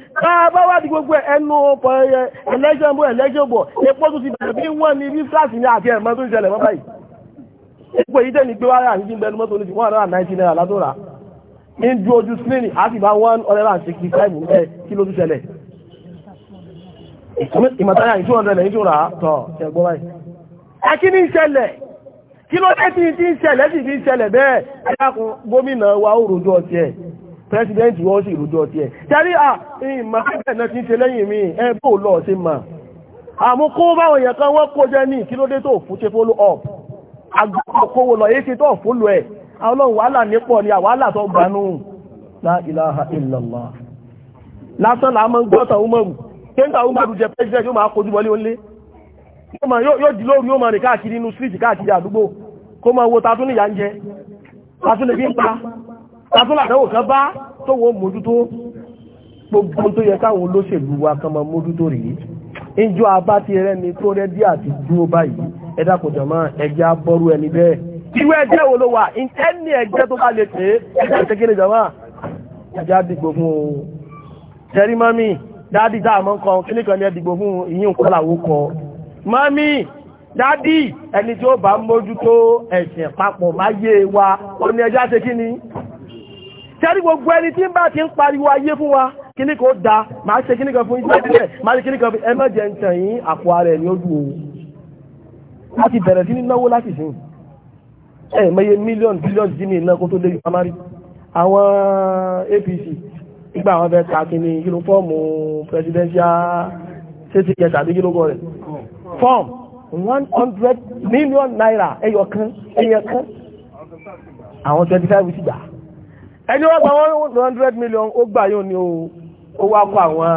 bá wá di gbogbo ẹnu ọ̀pọ̀ election bó election bọ̀ epo tún ti bẹ̀rẹ̀ bí wọ́n ní bí flash ní àti ẹ̀mọ́ tó ń ṣẹlẹ̀ mọ́ báyìí epo yìí tẹ̀lé gbé wáyà ní gbẹ̀lú mọ́tò ní ti one hundred and ninety naira látọ̀rà ní ju ojú screen á sì bá one hundred sixty five ní ẹ kí ló tún ṣẹlẹ̀ ìmọ̀táyà ní two hundred ní tún rà á tọ̀ ṣẹ̀gbọ́n báyìí akíní ṣẹlẹ̀ kí ló dé tí ń ṣẹlẹ̀ sì fi ń ṣẹlẹ̀ bẹ́ẹ̀ ẹ̀dá kan gómìnà wa ó rojọ́ tiẹ̀ president wọ́n sì rújọ́ tiẹ̀ tẹ́rí à ìmọ̀ pẹ́pẹ́ náà ti ń ṣe lẹ́yìn mi ẹ bó lọ sí mà àmúkó báwọn èèyàn kan wọ́n kó jẹ́ ní kílódé tó fún ṣe follow up agbókòwò lọ èyí ṣe tó fún lọ ọlọ́run wàhálà nípọ̀ ni àwàhálà tó gbanú la ilaha illallah lásán làá máa ń umaru kéńtà umaru jẹ president yóò máa kojú wọlé wọlé yóò di yóò máa rìn káàkiri inú street káàkiri àdúgbò kó máa wo ń tàtúlà àdánwò kan bá tó wọ́n mójútó gbogbo tó yẹ káwọn olóṣèlú wa kan máa mójútó rèé ìjọ abá ti rẹni tó rẹ́dí àti dúró báyìí ẹ dákun jọmọ ẹjẹ abọ́rú ẹni bẹ́ẹ̀ irú ẹgbẹ́ wo ló wà ẹni ẹgbẹ́ tó bá lè pè é ẹgbẹ́ ìtẹ́kẹ́lẹ̀ jọmọ ẹjẹ àdìgbò fún o tẹ́rí mọ́mí ẹni tí ó bá mójútó ẹ̀sìn papọ̀ máyé wa ó ní ẹjẹ́ àti kíní tẹ́rí gbogbo ẹni tí ń bá ti ń pariwo ayé fún wa kíní kò da máa ṣe kíní kan fún iṣẹ́ ìbílẹ̀ máa ṣe kíní kan fún ẹmọ́jẹ ń tàn yín àpò ara ẹ̀ ní ojú òun láti bẹ̀rẹ̀ sí ní náwó láti sìn ẹ̀ mẹ́yẹ mílíọ̀nù bílíọ̀nù sí ní iná kó tó dé ìpamárì àwọn APC nígbà àwọn fẹ́ ta kíní yúnífọ́ọ̀mù presidential safety kẹta àbí kí rẹ̀ form one hundred million naira ẹyọ kan ẹyọ kan àwọn twenty five sí gbà á ẹni wọ́n gba one hundred million ó gbà yóò ní ó wá kó àwọn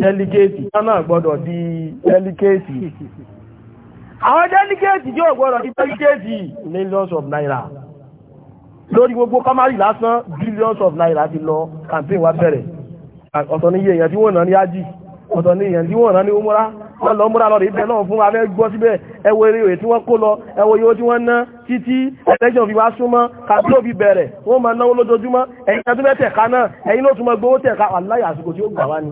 dẹ́lígéètì náà gbọ́dọ̀ di dẹ́lígéètì àwọn dẹ́lígéètì yóò gbọ́dọ̀ di dẹ́lígéètì millions of naira lórí gbogbo kámárì lásán billions of naira ti lọ campaign wa bẹ̀rẹ̀ ọ̀tọ̀ ní iye èèyàn tí wọ́n ná ní ájì ọ̀tọ̀ ní èèyàn tí wọ́n ná ní umura wọ́n lọ múra lọ rí bẹ́ẹ̀ náà fún afẹ́ gbọ́ síbẹ̀ ẹwọ eré rẹ̀ tí wọ́n kó lọ ẹwọ yóò tí wọ́n ná títí ẹ̀tẹ́jọ̀n fi wá súnmọ́ kàbílò fi bẹ̀rẹ̀ wọ́n máa náwó lójoojúmọ́ ẹ̀yìn ẹ̀túnbẹ̀ tẹ̀ka náà ẹ̀yìn ló túnmọ̀ gbowó tẹ̀ka aláyà àsìkò tí ó gbà wá ni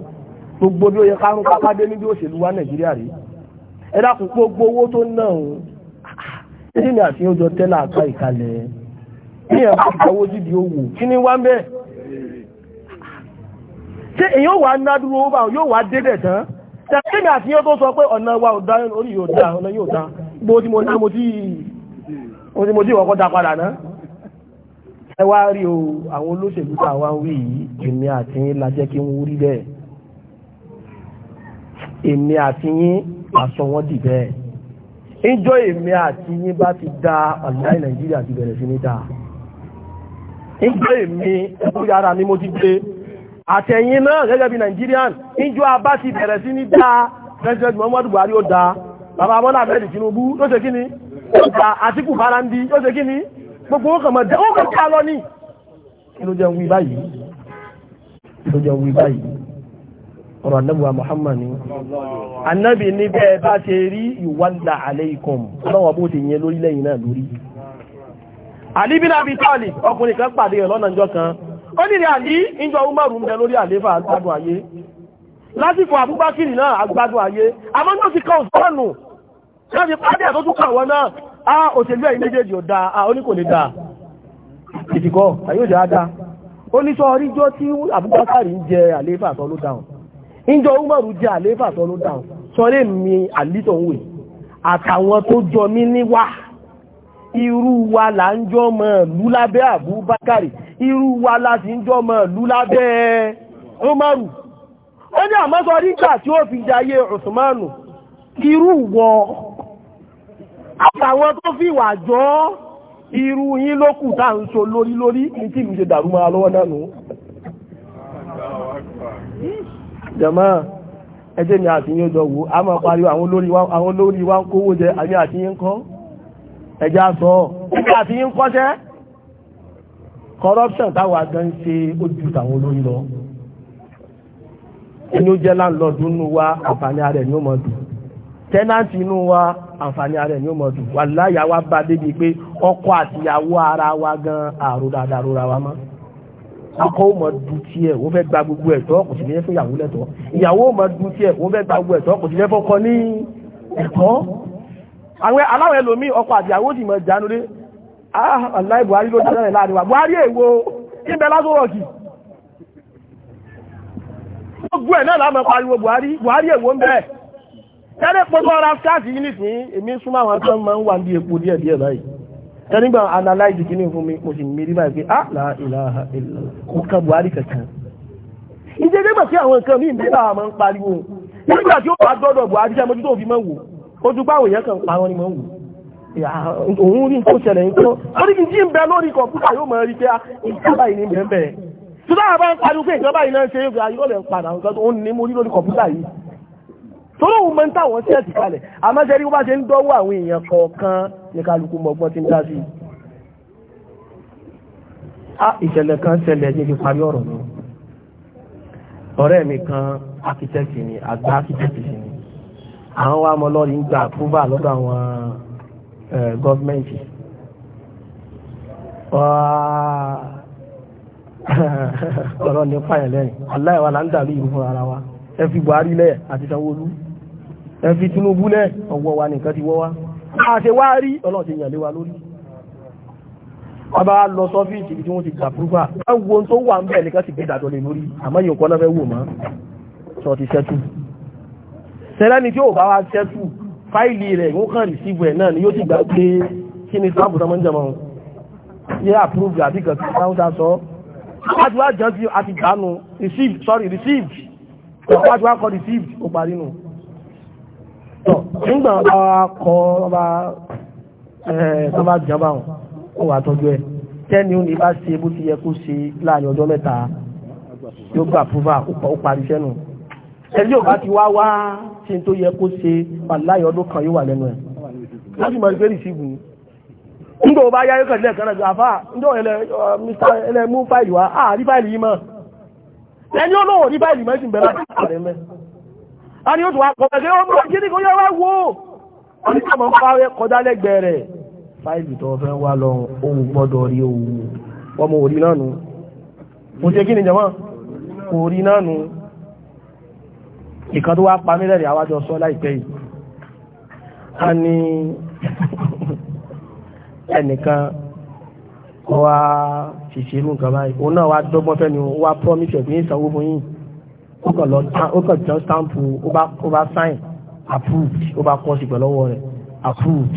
gbogbo bí ó yẹ kárún pápá dé níbi òṣèlú wa nàìjíríà rí ẹ dákun gbogbo tó ná òun títí ni àti ọjọ́ tẹ́lá àká ìkalẹ̀ èèyàn bá ìgbàwó síbi owó kí ni wá ń bẹ́ẹ̀ ṣé èèyàn wà á ná dúró owó báwọn yóò wá dé tán tẹ̀kínì àti yóò tó sọ pé ọ̀nà wa ò dá orí yóò dá ọ̀nà yóò dá gbogbo tí mo ní mo tí mo tí da padà ná ẹ wá rí o àwọn olóṣèlú tá a wá ń wí yìí èmi àti yín la jẹ́ kí n wúrí bẹ́ẹ̀ èmi àti yín àsọ wọn dì bẹ́ẹ̀ ìjọ èmi àti yín bá ti da ọ̀láì Nàìjíríà ti bẹ̀rẹ̀ sí ní dáa ìgbé ẹ̀kú yàrá ni mo ti gbé àtẹ̀yìn náà gẹ́gẹ́ bí Nigerian níjọ́ abá ti bẹ̀rẹ̀ sí ní dáa President Muhammadu Buhari ó dáa bàbá Bọ́lá Ahmed Tinubu ló ṣe kíni ó dáa Àtíkù Báràndì ló ṣe kíni gbogbo ó kàn mọ̀ dẹ́ ó kàn ká lọ ní kí ló jẹ́ wí báyìí kí ló jẹ́ wí báyìí ọ̀rọ̀ anábùwà Muhammad ni anábì ní bẹ́ẹ̀ bá ṣe rí ìwádà alaykum ọlọ́wọ́ bó ti yẹn lórílẹ̀ yìí náà lórí Ali bin Abi Talib ọkùnrin kan pàdé ọlọ́nà ìjọ kan ó nílé àlí ìjọ umaru ń bẹ lórí àléfà agbádùn ayé lásìkò àbúbákìrì náà agbádùn ayé àmọ́ náà ti ká òsánù náà ti pàdé àtó tún kàwọn náà á òṣèlú ẹ̀yìn méjèèjì ò dáa á ó ní kò lè dáa ìtìkọ́ àyóò jẹ́ àdá ó ní sọ oríjọ́ tí àbúbákìrì ń jẹ àléfà sọ ló irú wa là ń jọ mọ̀ lú lábẹ́ àbúbákìrì irú wa láti ń jọmọ̀ ìlú lábẹ́ Umaru ó ní àmọ́sọ nígbà tí ó fi jayé Usmanu irú wọ àtàwọn tó fi wà jọ irú yín ló kù tá à ń so lórí lórí ní tí ìlú ṣe dàrú mọ́ra lọ́wọ́ náà nù. ẹjẹ́ ni àtìyàn jọ wò á máa pariwo àwọn olórí wa ń kówó jẹ àmì àtìyàn kọ́ ẹjẹ́ àsọ ẹjẹ́ àtìyàn kọ́ṣẹ́ corruption táwọn àgbọn ń ṣe ó ju tàwọn olórí lọ ẹni ó jẹ́ láńlọ́ọ̀dù nínú wa àǹfààní ara ẹ̀ ni ó mọ̀ dùn tẹ́nàntì inú wa àǹfààní ara ẹ̀ ni ó mọ̀ dùn wà láyà wa bá débi pé ọkọ àtìyàwó ara wa gan àròdàdàròra wa mọ́ akọ ó mọ du tiẹ̀ wọ́n fẹ́ gba gbogbo ẹ̀tọ́ kò sì ní ìyàwó lẹ́tọ̀ọ́ ìyàwó ó mọ du tiẹ̀ wọ́n fẹ́ gba gbogbo ẹ̀tọ́ kò sì ní fọkọ ní ẹ̀tọ́ àwọn aláwọ̀ ẹlòmíì ọkọ àtìyàwó sì mọ jánulé Ah, aláì buhari ló dáadáa láàrin wa buhari èwo níbẹ̀ lásòrọ̀kì gbogbo ẹ̀ náà láàmọ́ pariwo buhari buhari èwo ń bẹ́ẹ̀ tẹ́lẹ̀ pọ́ tọ́ra skáàtì yìí nìsín èmi súnmọ́ àwọn tó máa ń wà ní epo díẹ̀ díẹ̀ báyìí tẹ́lẹ̀gbà analyze kìíní fún mi mo sì mérí báyìí pé ah la ilaha illallah kò ká buhari kankan ìdílé gbà sí àwọn nǹkan míì nígbà àwọn ń pariwo nígbà tí ó bá dọ́dọ̀ buhari sẹ́mọ́jú tó fi máa wò ó ju báwọn èèyàn kan pa wọn ni máa wò òun rí nǹkan ṣẹlẹ̀ nǹkan ó ní kí n jí ń bẹ lórí kọ̀ǹpútà yóò mọ̀ rí pé ìjọba yìí ní bẹ́ẹ̀ bẹ́ẹ̀ tó dára bá ń pariwo pé ìjọba yìí náà ṣe é gba ah, yóò lè padà nǹkan tó ń ní mo rí lórí kọ̀ǹpútà yìí torí òun mọ̀ ń táwọn sí ẹ̀sìn kalẹ̀ àmọ́ ṣe rí bó bá ṣe ń dọ́wọ́ àwọn èèyàn kọ̀ọ̀kan ní kálukú mọ̀gbọ́n ti ń dá sí i a ìṣẹ̀lẹ̀ kan ṣẹlẹ̀ ní fi parí ọ̀rọ̀ mi ọ̀rẹ́ mi kan architect ni àgbà architect ni àwọn wa mọ lọ́ọ̀rì ń gba approval lọ́dọ̀ àwọn gọ́ọ̀mẹ́ntì ọ̀rọ̀ ní pààyàn lẹ́yìn aláìwà là ń dàrí ìlú fún ara wa ẹ fi Buhari lẹ̀ àti sanwó ẹ fi Tinubu lẹ̀ ọwọ́ wa nìkan ti wọ́ wa àṣẹ wá rí ọlọ́run ti yàn wa lórí ọba lọ sọ́fíìsì tí wọ́n ti gbà púrúfà báwo tó wà ń bẹ̀ nìkan ti gbé ìdájọ́ lé lórí àmọ́ yìí nǹkan náà fẹ́ wò mọ́ sọ ti ṣẹ́tù sẹ́lẹ́ni tí ò bá wa ṣẹ́tù fáìlì rẹ̀ ó kàn rìsíìfù ẹ̀ náà ni yóò ti gbà pé kí ni sáàbù tó máa ń jẹ mọ́ yẹ àpúrúfù àbí kan tí wọ́n dá sọ láti wá jẹun sí àti dànù received sorry received láti wá kọ received ó parí nù tọ́ nígbà wọn bá kọ ọba tó bá eh, jẹun báwọn ó wà tọ́jú ẹ̀ tẹ́ni ó ní bá ṣe bó ti yẹ kó ṣe láàrin ọjọ́ mẹ́ta yóò gbà púpà ó parí sẹ́nu ẹni yóò bá ti wá wá ṣe tó yẹ kó ṣe pàláyọ̀ ọdún kan yóò wà lẹ́nu ẹ̀ wọ́n sì máa ń gbé rìsíìbù ni nígbà bá yáyé kàn lẹ́ẹ̀kan náà àfà nígbà ẹlẹ́ mú fáìlì wá à ah, rí fáìlì yìí mọ́ ẹni ó lóòrí fáìlì mọ́ sí bẹ̀rẹ̀ àrẹ mẹ́ a ni ó tún wá kọ̀ọ̀kẹ́ kí ó kí ní kó yẹ wá wo wọ́n ní kàmọ́ fáwẹ́ kọjá lẹ́gbẹ̀ẹ́ rẹ̀ fáìlì tó fẹ́ wá lọ ohun gbọ́dọ̀ rí ohun ọmọ òrí náà nù ìkan tó wá pa mí lẹ́rìí àwájọ sọ láìpẹ́ yìí a ní ẹnìkan wá ṣìṣe irú nǹkan báyìí òun náà wá dọ́gbọ́n fẹ́ ni o wá promise ẹ̀ pé ń sanwó fún yìí ó kàn lọ ó kàn jọ stamp ó bá sign approved ó bá kọ́ sí pẹ̀lú rẹ̀ approved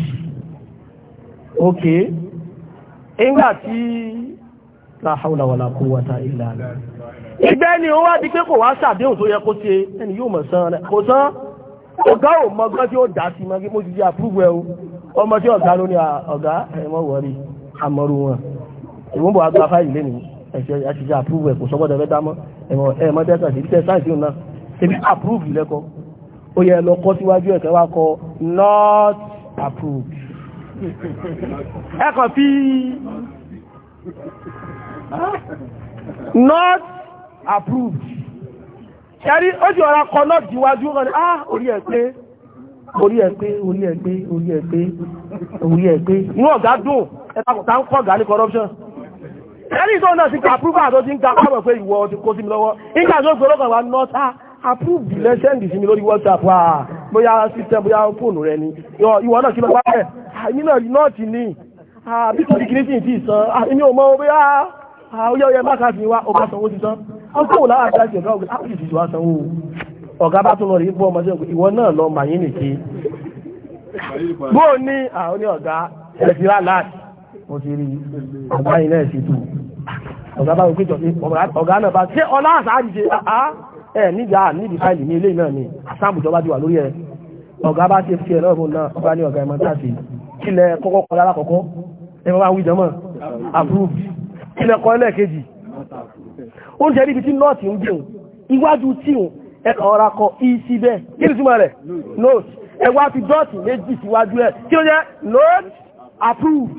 ok nígbà tí la hawla wala quwwata illa billah ìgbẹ́ ni ó wá di pé kò wá ṣàdéhùn tó yẹ kó ṣe ẹni yóò mọ̀ san rẹ̀ kò san ọ̀gá ò mọgbọ́n tí ó dà sí mọ́gí mo ti di àpúrúwù o ọmọ tí ọ̀gá ló ọ̀gá ẹ̀mọ́ wọ̀rí àmọ́rú wọn ìwọ́n bọ̀ agbá fáyì lé nìyí ẹ̀ṣẹ̀ àṣìṣe àpúrúwù kò sọ́gbọ́n dẹ̀fẹ́ dámọ́ ẹ̀mọ́ tẹ́sán not approved ṣẹ́rí ó sì ọ̀rá kọ náà jíwájú rẹ̀ ah orí ẹ̀ pé orí ẹ̀ pé orí ẹ̀ pé orí ẹ̀ pé orí ẹ̀ pé inú ọ̀gá dùn ẹ̀ta ń kọ́ ọ̀gá ní corruption ẹni tó náà ti approve àtọ́ ti ń ga pàbọ̀ pé ìwọ ti kó sí mi lọ́wọ́ nígbà tó gbọ́dọ̀ kan wá nọ́ta approve ilẹ̀ sẹ́ndì sí mi lórí WhatsApp wa bóyá system bóyá fóònù rẹ ni ìwọ náà kí lọ wáyẹ̀ àmì náà nọ́ọ̀tì ni àbí tó ti kiri sí ìtì ìsan àmì ò mọ bóyá ó yẹ ó yẹ má kà wa ó sanwó ti tán wọ́n kó wò láwọn àtàkì ọ̀gá ọ̀gá ápùlì ìṣòwò àsanwó ọ̀gá bá tún lọ rí bọ́ ọmọdé ìwọ náà lọ mà yín nìké bó o ní àwọn ní ọ̀gá ẹ̀sìrá láti mo ti rí ọ̀gá yìí náà ṣètò ọ̀gá bá wọ́n péjọ pé ọ̀gá náà bá ṣe ọlá àṣáájì ṣe ah, ah, ẹ̀ níjà níbi fáìlì ní ilé náà ni àsáàmù ìjọba ti wà lórí ẹ̀ ọ̀gá bá ṣe fi ẹ̀rọ ìbọn náà ọba ní ọ̀gá ẹ̀mọ́ tàṣe kílẹ̀ kọ́kọ́ kọ́ lára kọ́kọ́ ẹ̀mọ́ kọ́ oúnjẹ níbi tí nọ́ọ̀tì ń gbìn iwájú tí ò ẹ̀kà ọ̀rá kọ isi bẹ́ẹ̀ kí ni túmọ̀ rẹ̀ note ẹwà fi dọ́ọ̀tì méjì síwájú ẹ̀ kí ó jẹ́ note approved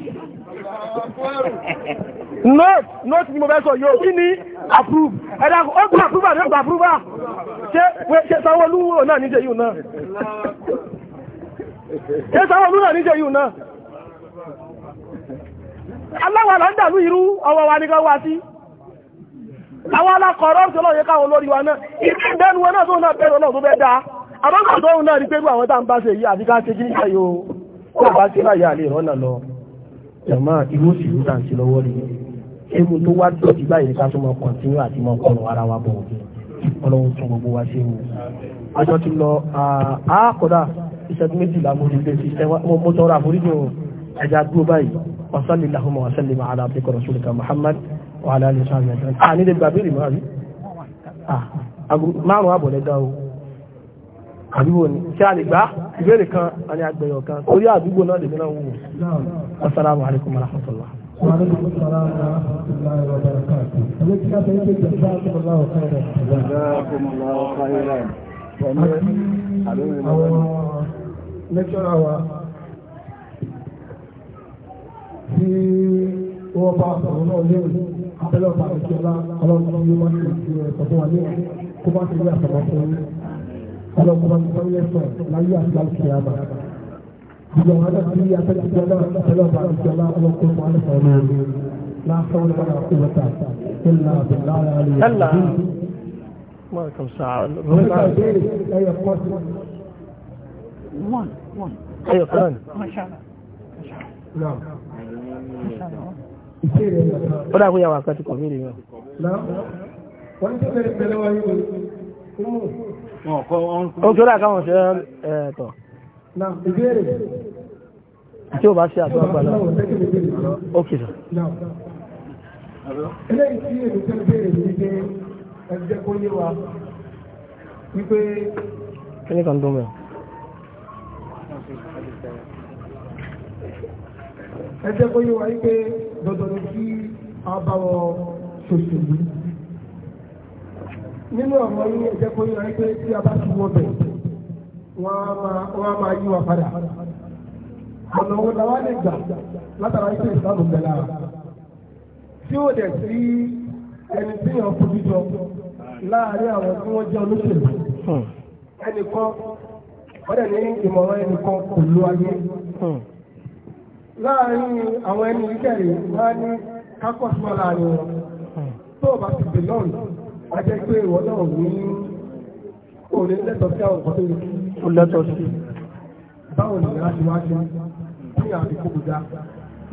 note note ni mo bẹ́ sọ yóò kí ni approved ẹ̀dá ó gbà approval ní ọgbà approval ṣe ṣe sanwó náà níjẹ yìí náà aláwọ̀ wa ní àwọn alákọ̀ọ́rọ̀ ń tọ́lọ́ yẹ káwọn olórí wa náà ìpín ìdẹ́nu wọn náà tó náà bẹ̀rẹ̀ náà tó bẹ́ dáa àbọ́kọ̀ tó náà rí pé bí àwọn tá ń bá ṣe yìí àti ká ṣe kí nígbà yóò kó bá ṣe láyé àlè ìrọ́nà lọ jàmá ìwó sì rú dàǹtí lọ́wọ́ rí ewu tó wá dọ̀tí báyìí ká tó mọ kọ̀ntínú àti mọ kọ̀nù ara wa bọ̀ ọlọ́run tún gbogbo wa ṣe wù ọjọ́ ti lọ àákọ́dà ìṣẹ́jú méjìlá mo rí létí mo tọrọ àforíjì ẹja dúró báyìí wa sallallahu wa sallama ala abdika rasulika Muhammad wàhálà lè ṣàmì ẹ̀dá à ah, nílé gbàbéèrè mọ́ àbí ah, márùn-ún àbọ̀ lẹ́dá o àdúgbò ni kí a lè gbá ìbéèrè kan àní àgbẹ̀yọ̀ kan torí àdúgbò náà lè mìíràn wò assalamu alaikum warahmatullah lẹ́kṣọ́rà wa tí wọ́n bá ọ̀rọ̀ náà léèrè abẹ́lẹ́ ọba àti ọlá ọlọ́run tí wọ́n ti fi ẹ̀sọ́ fún wa ní kó bá ti rí àtàwọn fún yín ọlọ́run kó bá ti sáré ẹ̀sọ́ láyé àti láti ṣe àmà. Ìjọ wọn náà ti rí abẹ́lẹ́ ti ọlá abẹ́lẹ́ ọba àti ọlá ọlọ́run kó fún wa ní sọ̀rọ̀ lórí láàfọ̀ wọn náà kó wọ́n ta ẹ̀là àbẹ̀lá ẹ̀là Welcome, sir. One, one. Hey, your friend. MashaAllah. MashaAllah. No. MashaAllah. ó dàgbé yàwó àkàtì kọ̀ mí nìyẹn. wọ́n ti bẹ̀rẹ̀ pẹ̀lẹ́ wáyé o kí ó dà káwọn tí o bá ṣe àtúwà pàlọ́ ó kì í sọ. eléyìí èdè tó béèrè ní pé ẹgbẹ́ kó yé wa wípé. kí ni kan tó mẹ́rin. ẹjẹ́ kó wa wípé dandan ni kí a bá wọn ṣòṣèlú nínú àwọn yín ẹjẹ́ kó yé wa wípé tí a bá ti wọ bẹ̀ wọ́n á máa yí padà ọ̀nà wo la lè gbà látara iṣẹ́ bẹ̀rẹ̀ tí ó dẹ̀ sí ẹni tí yàn fojú jọ láàárín àwọn tí wọ́n jẹ́ láàrin àwọn ẹni ìkẹrì máa ní kákọ̀sọ́ láàrin wọn hmm. tó bá ti bè lọ́rùn a jẹ́ pé ìwọ náà ní òní lẹ́tọ̀ọ́ sí àwọn ọ̀pọ̀ tó lẹ́tọ̀ọ́ sí báwo ni láti wá ṣe ní àdínkù kò dá.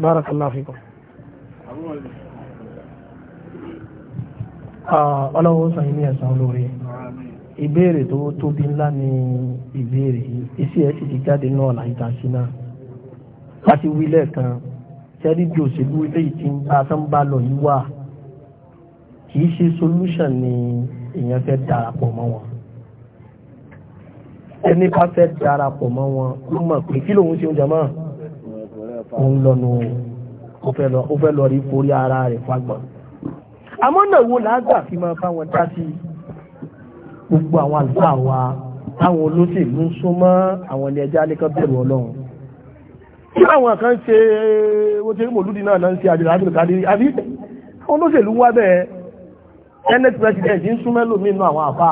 Barakallahu fikum. Ah, Ọlọ́wọ́ sàn ní ẹ̀sán olóore. Ìbéèrè tó tóbi ńlá ni ìbéèrè yìí. Iṣẹ́ ẹ̀ sì ti jáde náà láìka láti wí lẹ́ẹ̀kan sẹ́rí bí òṣèlú ilé ìtì ń bá tán bá lọ yìí wà kì í ṣe solution ni èèyàn fẹ́ darapọ̀ mọ́ wọn ẹni bá fẹ́ darapọ̀ mọ́ wọn ló mọ̀ pé kí lòun ṣe oúnjẹ mọ́ òun lọ́nu ó fẹ́ lọ rí forí ara rẹ̀ fagbọ̀n àmọ́ náà wo làágbà fi máa bá dá sí gbogbo àwọn àlùfáà wa táwọn olóṣèlú ń súnmọ́ àwọn ilé ẹja alẹ́kọ̀ọ́ bẹ̀rù ọlọ́run kí àwọn kan ṣe wọ́n ṣe mòlúdi náà náà ń ṣe àjọyọ̀ àti ìkàdé àbí àwọn olóṣèlú wá bẹ́ẹ̀ senate president ń súnmọ́ lómi inú àwọn àfà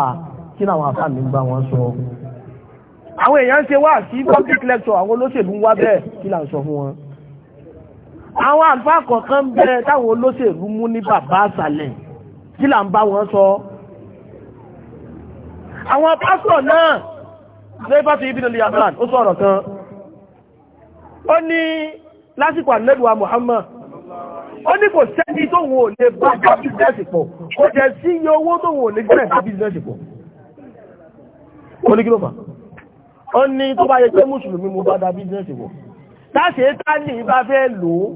kí ni àwọn àfà mi gbà wọ́n sọ. àwọn èèyàn ń ṣe wá sí public lecture àwọn olóṣèlú wá bẹ́ẹ̀ kí là ń sọ fún wọn. àwọn àfà kọ̀ọ̀kan bẹ́ẹ̀ táwọn olóṣèlú mú ní bàbá àṣàlẹ̀ kí là ń bá wọn sọ. àwọn pásítọ̀ náà lẹ́bàtì ibi nílùú yàtọ̀ ó sọ̀rọ̀ kan ó ní lásìkò ànẹ́lùwà Muhammad ó ní kò sẹ́ni tó wọn ò lè bá jẹ́ bísínẹ́sì pọ̀ kò jẹ́ sí iye owó tó wọn ò lè gbẹ̀rẹ̀ sí bísínẹ́sì pọ̀ ó ní kí ló fà ó ní tó bá yẹ pé mùsùlùmí mo bá da bísínẹ́sì pọ̀ láti ẹ́tàlì bá fẹ́ lò ó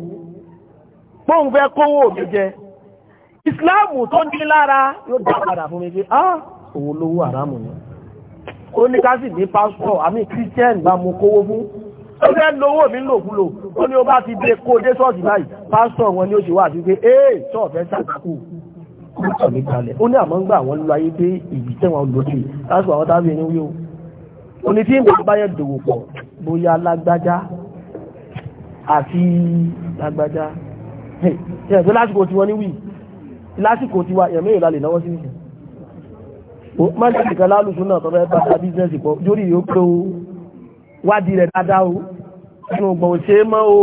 pọ́n fẹ́ kówó mi jẹ ìsìláàmù tó ní lára yóò dá padà fún mi pé ah òun lówó àrámù ni ó ní ká sì ní pásítọ̀ àmì kírísítẹ́nì bá mo kówó fún ó fẹ́ lówó mi lòkulò ó ní ó bá ti dé kó dé sọ́ọ̀sì báyìí pásítọ̀ wọn ni ó ṣe wà àti pé ee sọ́ọ̀fẹ́ sàkókò kúrò mi kalẹ̀ ó ní àmọ́ ń gbà wọ́n lu ayé dé ìbí tẹ́wọ̀n lò sí lásìkò àwọn tábí ẹni wí o wádìí rẹ̀ dáadáa o ẹnu ọgbọ̀n ò ṣe é mọ́ o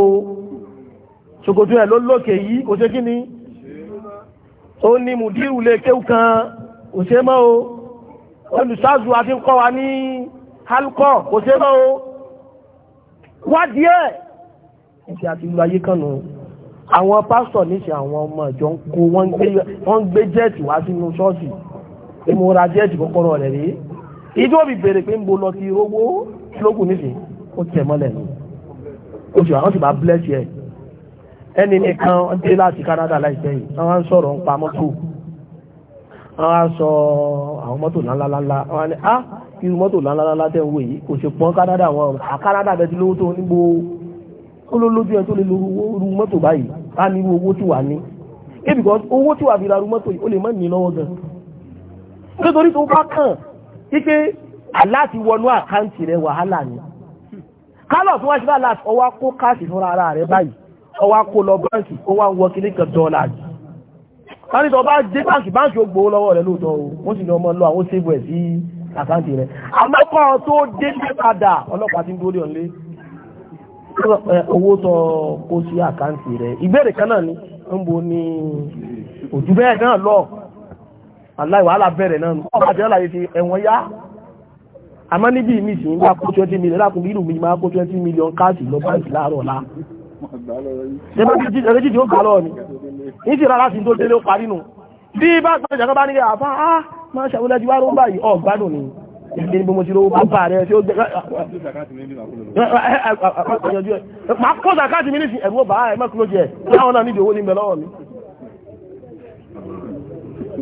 ṣòkòtò ẹ̀ ló lókè yìí ó ṣe kí ni ó ní mùdírù lè kéwù kan ó ṣe é mọ́ o olùsáàzù àti ńkọ́ wa ní alukọ́ ó ṣe é mọ́ o wádìí ẹ̀ ìṣe àti ìlú ayé kan nù àwọn pásítọ̀ níṣẹ́ àwọn ọmọ ìjọ ń kó wọ́n ń gbé jẹ́ẹ̀tì wá sínú ṣọ́ọ̀ṣì pé mo jẹ́ẹ̀tì kọ́kọ́rọ́ rẹ̀ rí ìjọba ìbèrè pé ń bo lọ ti rówó lókun nísìnyí ó tẹ̀ mọ́lẹ̀ ni oṣù àwọn sì máa bless yẹ ẹni nìkan ń dé láti Canada láìpẹ́ yìí wọ́n á ń sọ̀rọ̀ ń pa mọ́tò wọ́n á sọ àwọn mọ́tò lánlánlá wọ́n á ní ah irú mọ́tò lánlánlá tẹ́ ń wò yìí kò ṣe pọ́n Canada wọn à Canada bẹ́ẹ̀ ti lówó tó níbo ó ló lójú ẹ tó lè lo mọ́tò báyìí á ní owó tí wà ní eh because owó tí wà fi ra irú mọ́tò yìí ó lè má ní lọ́wọ́ gan nítorí tó bá kàn wípé aláti wọnú àkáǹtì rẹ wàhálà ni kálọ̀ tí wọ́n ṣe bá láti ọwá kó káàsì fúnra ara rẹ báyìí ọwá kó lọ báǹkì ó wá ń wọ kíní kan dọ́là jù wọ́n ní tó bá dé báǹkì báǹkì ó gbowó lọ́wọ́ rẹ lóòótọ́ o wọ́n sì ní ọmọ lọ àwọn sèbù ẹ̀ sí àkáǹtì rẹ àmọ́kọ́ tó dé padà ọlọ́pàá ti ń dórí náà ni jẹ́ láyé ti ẹ̀wọ̀n yá àmọ́ níbi ìmí sì ń gbà kó twenty million lákùnrin ìlú mi máa kó twenty million káàsì lọ báńkì láàárọ̀ ọ̀la ẹgbẹ́ jíjì ó gbà lọ́ọ̀ mi ní ti rárá sí tó délé ó parí nù bí bá gbàjà kan bá nílé àfá á máa ṣàwọlẹ̀ ti wá ró báyìí ọ̀ gbádùn ni ìdí ni mo ti rówó bàbá rẹ̀ tí ó gbẹ́ máa kó sàkáàtì mi nísìn ẹ̀rù ọba ẹ̀ mẹ́kúrò jẹ láwọn náà nídìí owó ní bẹ̀ lọ́wọ́ mi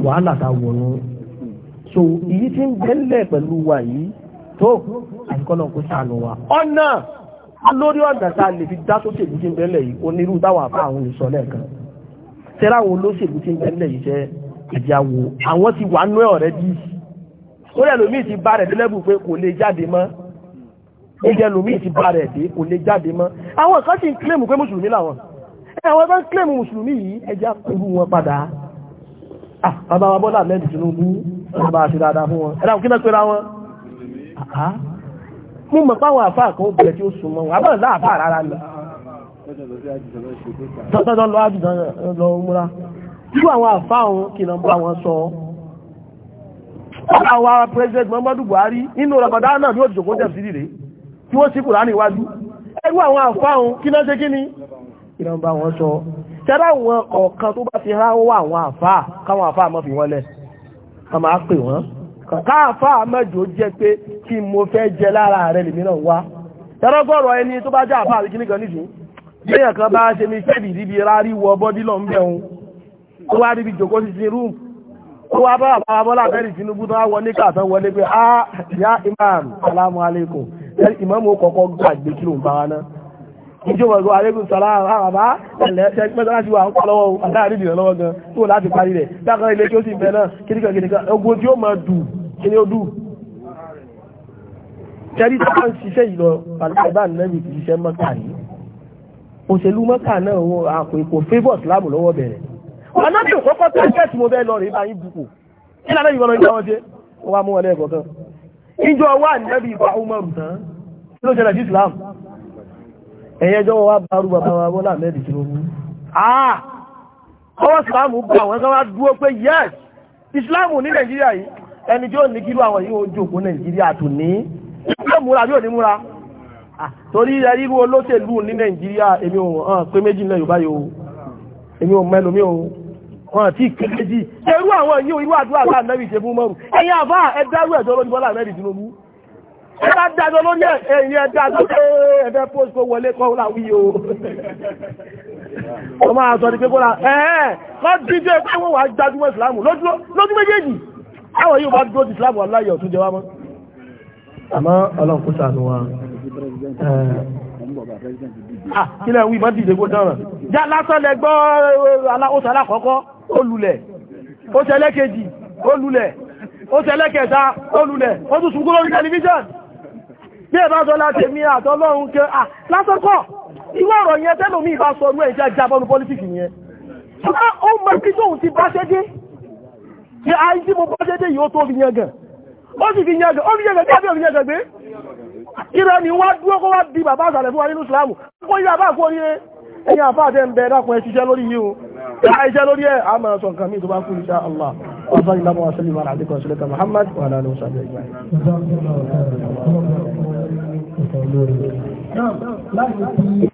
wàhálà ta wọ̀nù so èyí tí ń bẹ́lẹ̀ pẹ̀lú wa yìí tó àyíkọ́lọ̀ kó sànù wa ọ̀nà lórí ọ̀nà tá a lè fi dá sóṣèlú tí ń bẹ́lẹ̀ yìí onírú táwọn àbá àwọn olùsọ lẹ́ẹ̀kan tẹ́lá àwọn olóṣèlú tí ń bẹ́lẹ̀ yìí jẹ́ ẹ̀jẹ̀ àwò àwọn ti wà nú ẹ̀ ọ̀rẹ́ bí ó yẹ lómi ti bá rẹ̀ délẹ́bù pé kò lè jáde mọ́ ó yẹ lómi ti bá rẹ̀ dé kò lè jáde mọ́ àwọn kan sì ń kílèmù pé mùsùlùmí làwọn àwọn bá ń kílèmù mùsùlùmí yìí ẹ̀jẹ̀ àkúrú wọn padà ah, bàbá wa Bọ́lá Ahmed Tinubu bàbá àṣírí dáadáa fún wọn ẹ̀dá òkúta pé ra wọn mú mọ̀ páwọn àfá kan ó bẹ̀rẹ̀ tí ó súnmọ́ wọn àbọ̀n láàfá rárá lọ tọ́tọ́tọ́ lọ ájùdán lọ múra tí àwọn àfá òun kì náà bá wọn sọ àwọn ará president Muhammadu Buhari nínú ramadan náà yóò jòkó jẹ́ sí rèé tí wọ́n sí kùrá níwájú ẹgbú àwọn àfá òun kí náà ṣe kí ni kí náà bá wọn sọ tẹ́lá àwọn ọ̀kan tó bá fi há wọ́n àwọn àfá káàfà àmọ́jò jẹ́ pé kí mo fẹ́ jẹ lára rẹ̀ lèmi náà wá tẹ́rọ́gọ́rọ̀ ẹni tó bá jẹ́ àfà àbí kíníkan nìṣú léèyàn kan bá ṣe mi ṣẹ́bì ríbi rárí wọ bọ́dí lọ ń bẹ̀ òun tó wá ríbi jòkó sí sí rúùmù tó wá bá bàbá Bọ́lá bẹ́rì Tinubu tó wá wọlé káàtọ́ wọlé pé a ya imam salamu alaikum imam ó kọ́kọ́ gbàgbé kí ló ń bá wa náà ìjọba ọgọ́ alẹ́gùn sọ́lá àbá ẹ̀lẹ́ ẹ̀ṣẹ́ mẹ́sàn-án sí wa ń kọ́ lọ́wọ́ àdáàrídìí lọ́wọ́ gan tó láti parí rẹ̀ dákan ilé tí ó sì bẹ̀ náà kíníkan kíníkan ogun tí ó máa dùn kí ni ó dùn tẹ́rí tó bá ń ṣiṣẹ́ yìí lọ pàlùkàbá nẹ́bí ti ṣiṣẹ́ mọ́kà yìí òṣèlú mọ́kà náà wọn àpò ìkò favour islam lọ́wọ́ bẹ̀rẹ̀ ọ̀nàbí òkọ́kọ́ tó ẹgbẹ́ tí mo bẹ́ẹ̀ lọ rèé bá yín bukò kí lálẹ́ yìí wọn wọn ṣe wọn wá mú wọn lẹ́ẹ̀kọ́ kan ìjọ wa nẹ́bí ìgbà umaru tán kí ló ṣẹlẹ̀ sí islam ẹ̀yẹ ẹjọ́ wa bá rú bàbá wa bọ́lá mẹ́rin tí mo mú ah! ọwọ́ islam bá wọn kí wọ́n dúró pé yes islam ní nàìjíríà yìí ẹni tí ó ní kí irú àwọn yìí ó jókòó nàìjíríà tó ní yóò múra yóò ní múra torí irú olóṣèlú ní nàìjíríà èmi ò hàn pé méjì náà yorùbá yòó èmi ò mẹ́lò mi ò hàn tí kí méjì irú àwọn yìí irú àdúrà láà nẹ́bì ṣe fún mọ́rù ẹ̀yin àbá ẹ̀dárú ẹ̀dọ́ lórí bọ́lá nẹ́bì Tinubu ẹ bá dájọ́ lórí ẹ̀yin ẹ̀dájọ́ pé ẹ̀fẹ́ post kó wọlé kọ́ láwí o ọmọ àtọ́ ni pé kó la ẹ̀ẹ́ kọ́ dídé pé wọ́n wà á gbajúmọ̀ ìsìlámù lójú méjèèjì àwọn yóò bá dúró ti Islam aláyọ̀ tó jẹwà mọ́. àmọ́ ọlọ́run kó sànù wa. Ah, kí lẹ́yìn wí má dìde kó dáràn. já lásán lẹ gbọ́ oṣù alákọ̀ọ́kọ́ ó lulẹ̀ oṣù ẹlẹ́kejì ó lulẹ̀ oṣù ẹlẹ́kẹta ó lulẹ̀ ó tún sunkún lórí tẹlifíṣàn. bí ẹ bá sọ láti mi àtọ́lọ́run kẹ ah, lásán kọ́ ìwé ọ̀rọ̀ yẹn tẹ́lómi ìbá sọ ọdún ẹ̀ ya a mo bá dédé yóò tó fi ó sì fi ó fi tí a bí òfin yangàn gbé ìrẹ́ ni wá dúró kó wá di bàbá àsàlẹ̀ fún wa nínú kó yí bàbá àkó yé ẹ̀yìn àfáà tẹ́ ń bẹ dákun lórí yìí o lórí ẹ̀ a máa sọ nǹkan tó bá kú Allah wa sallallahu wa sallam ala Muhammad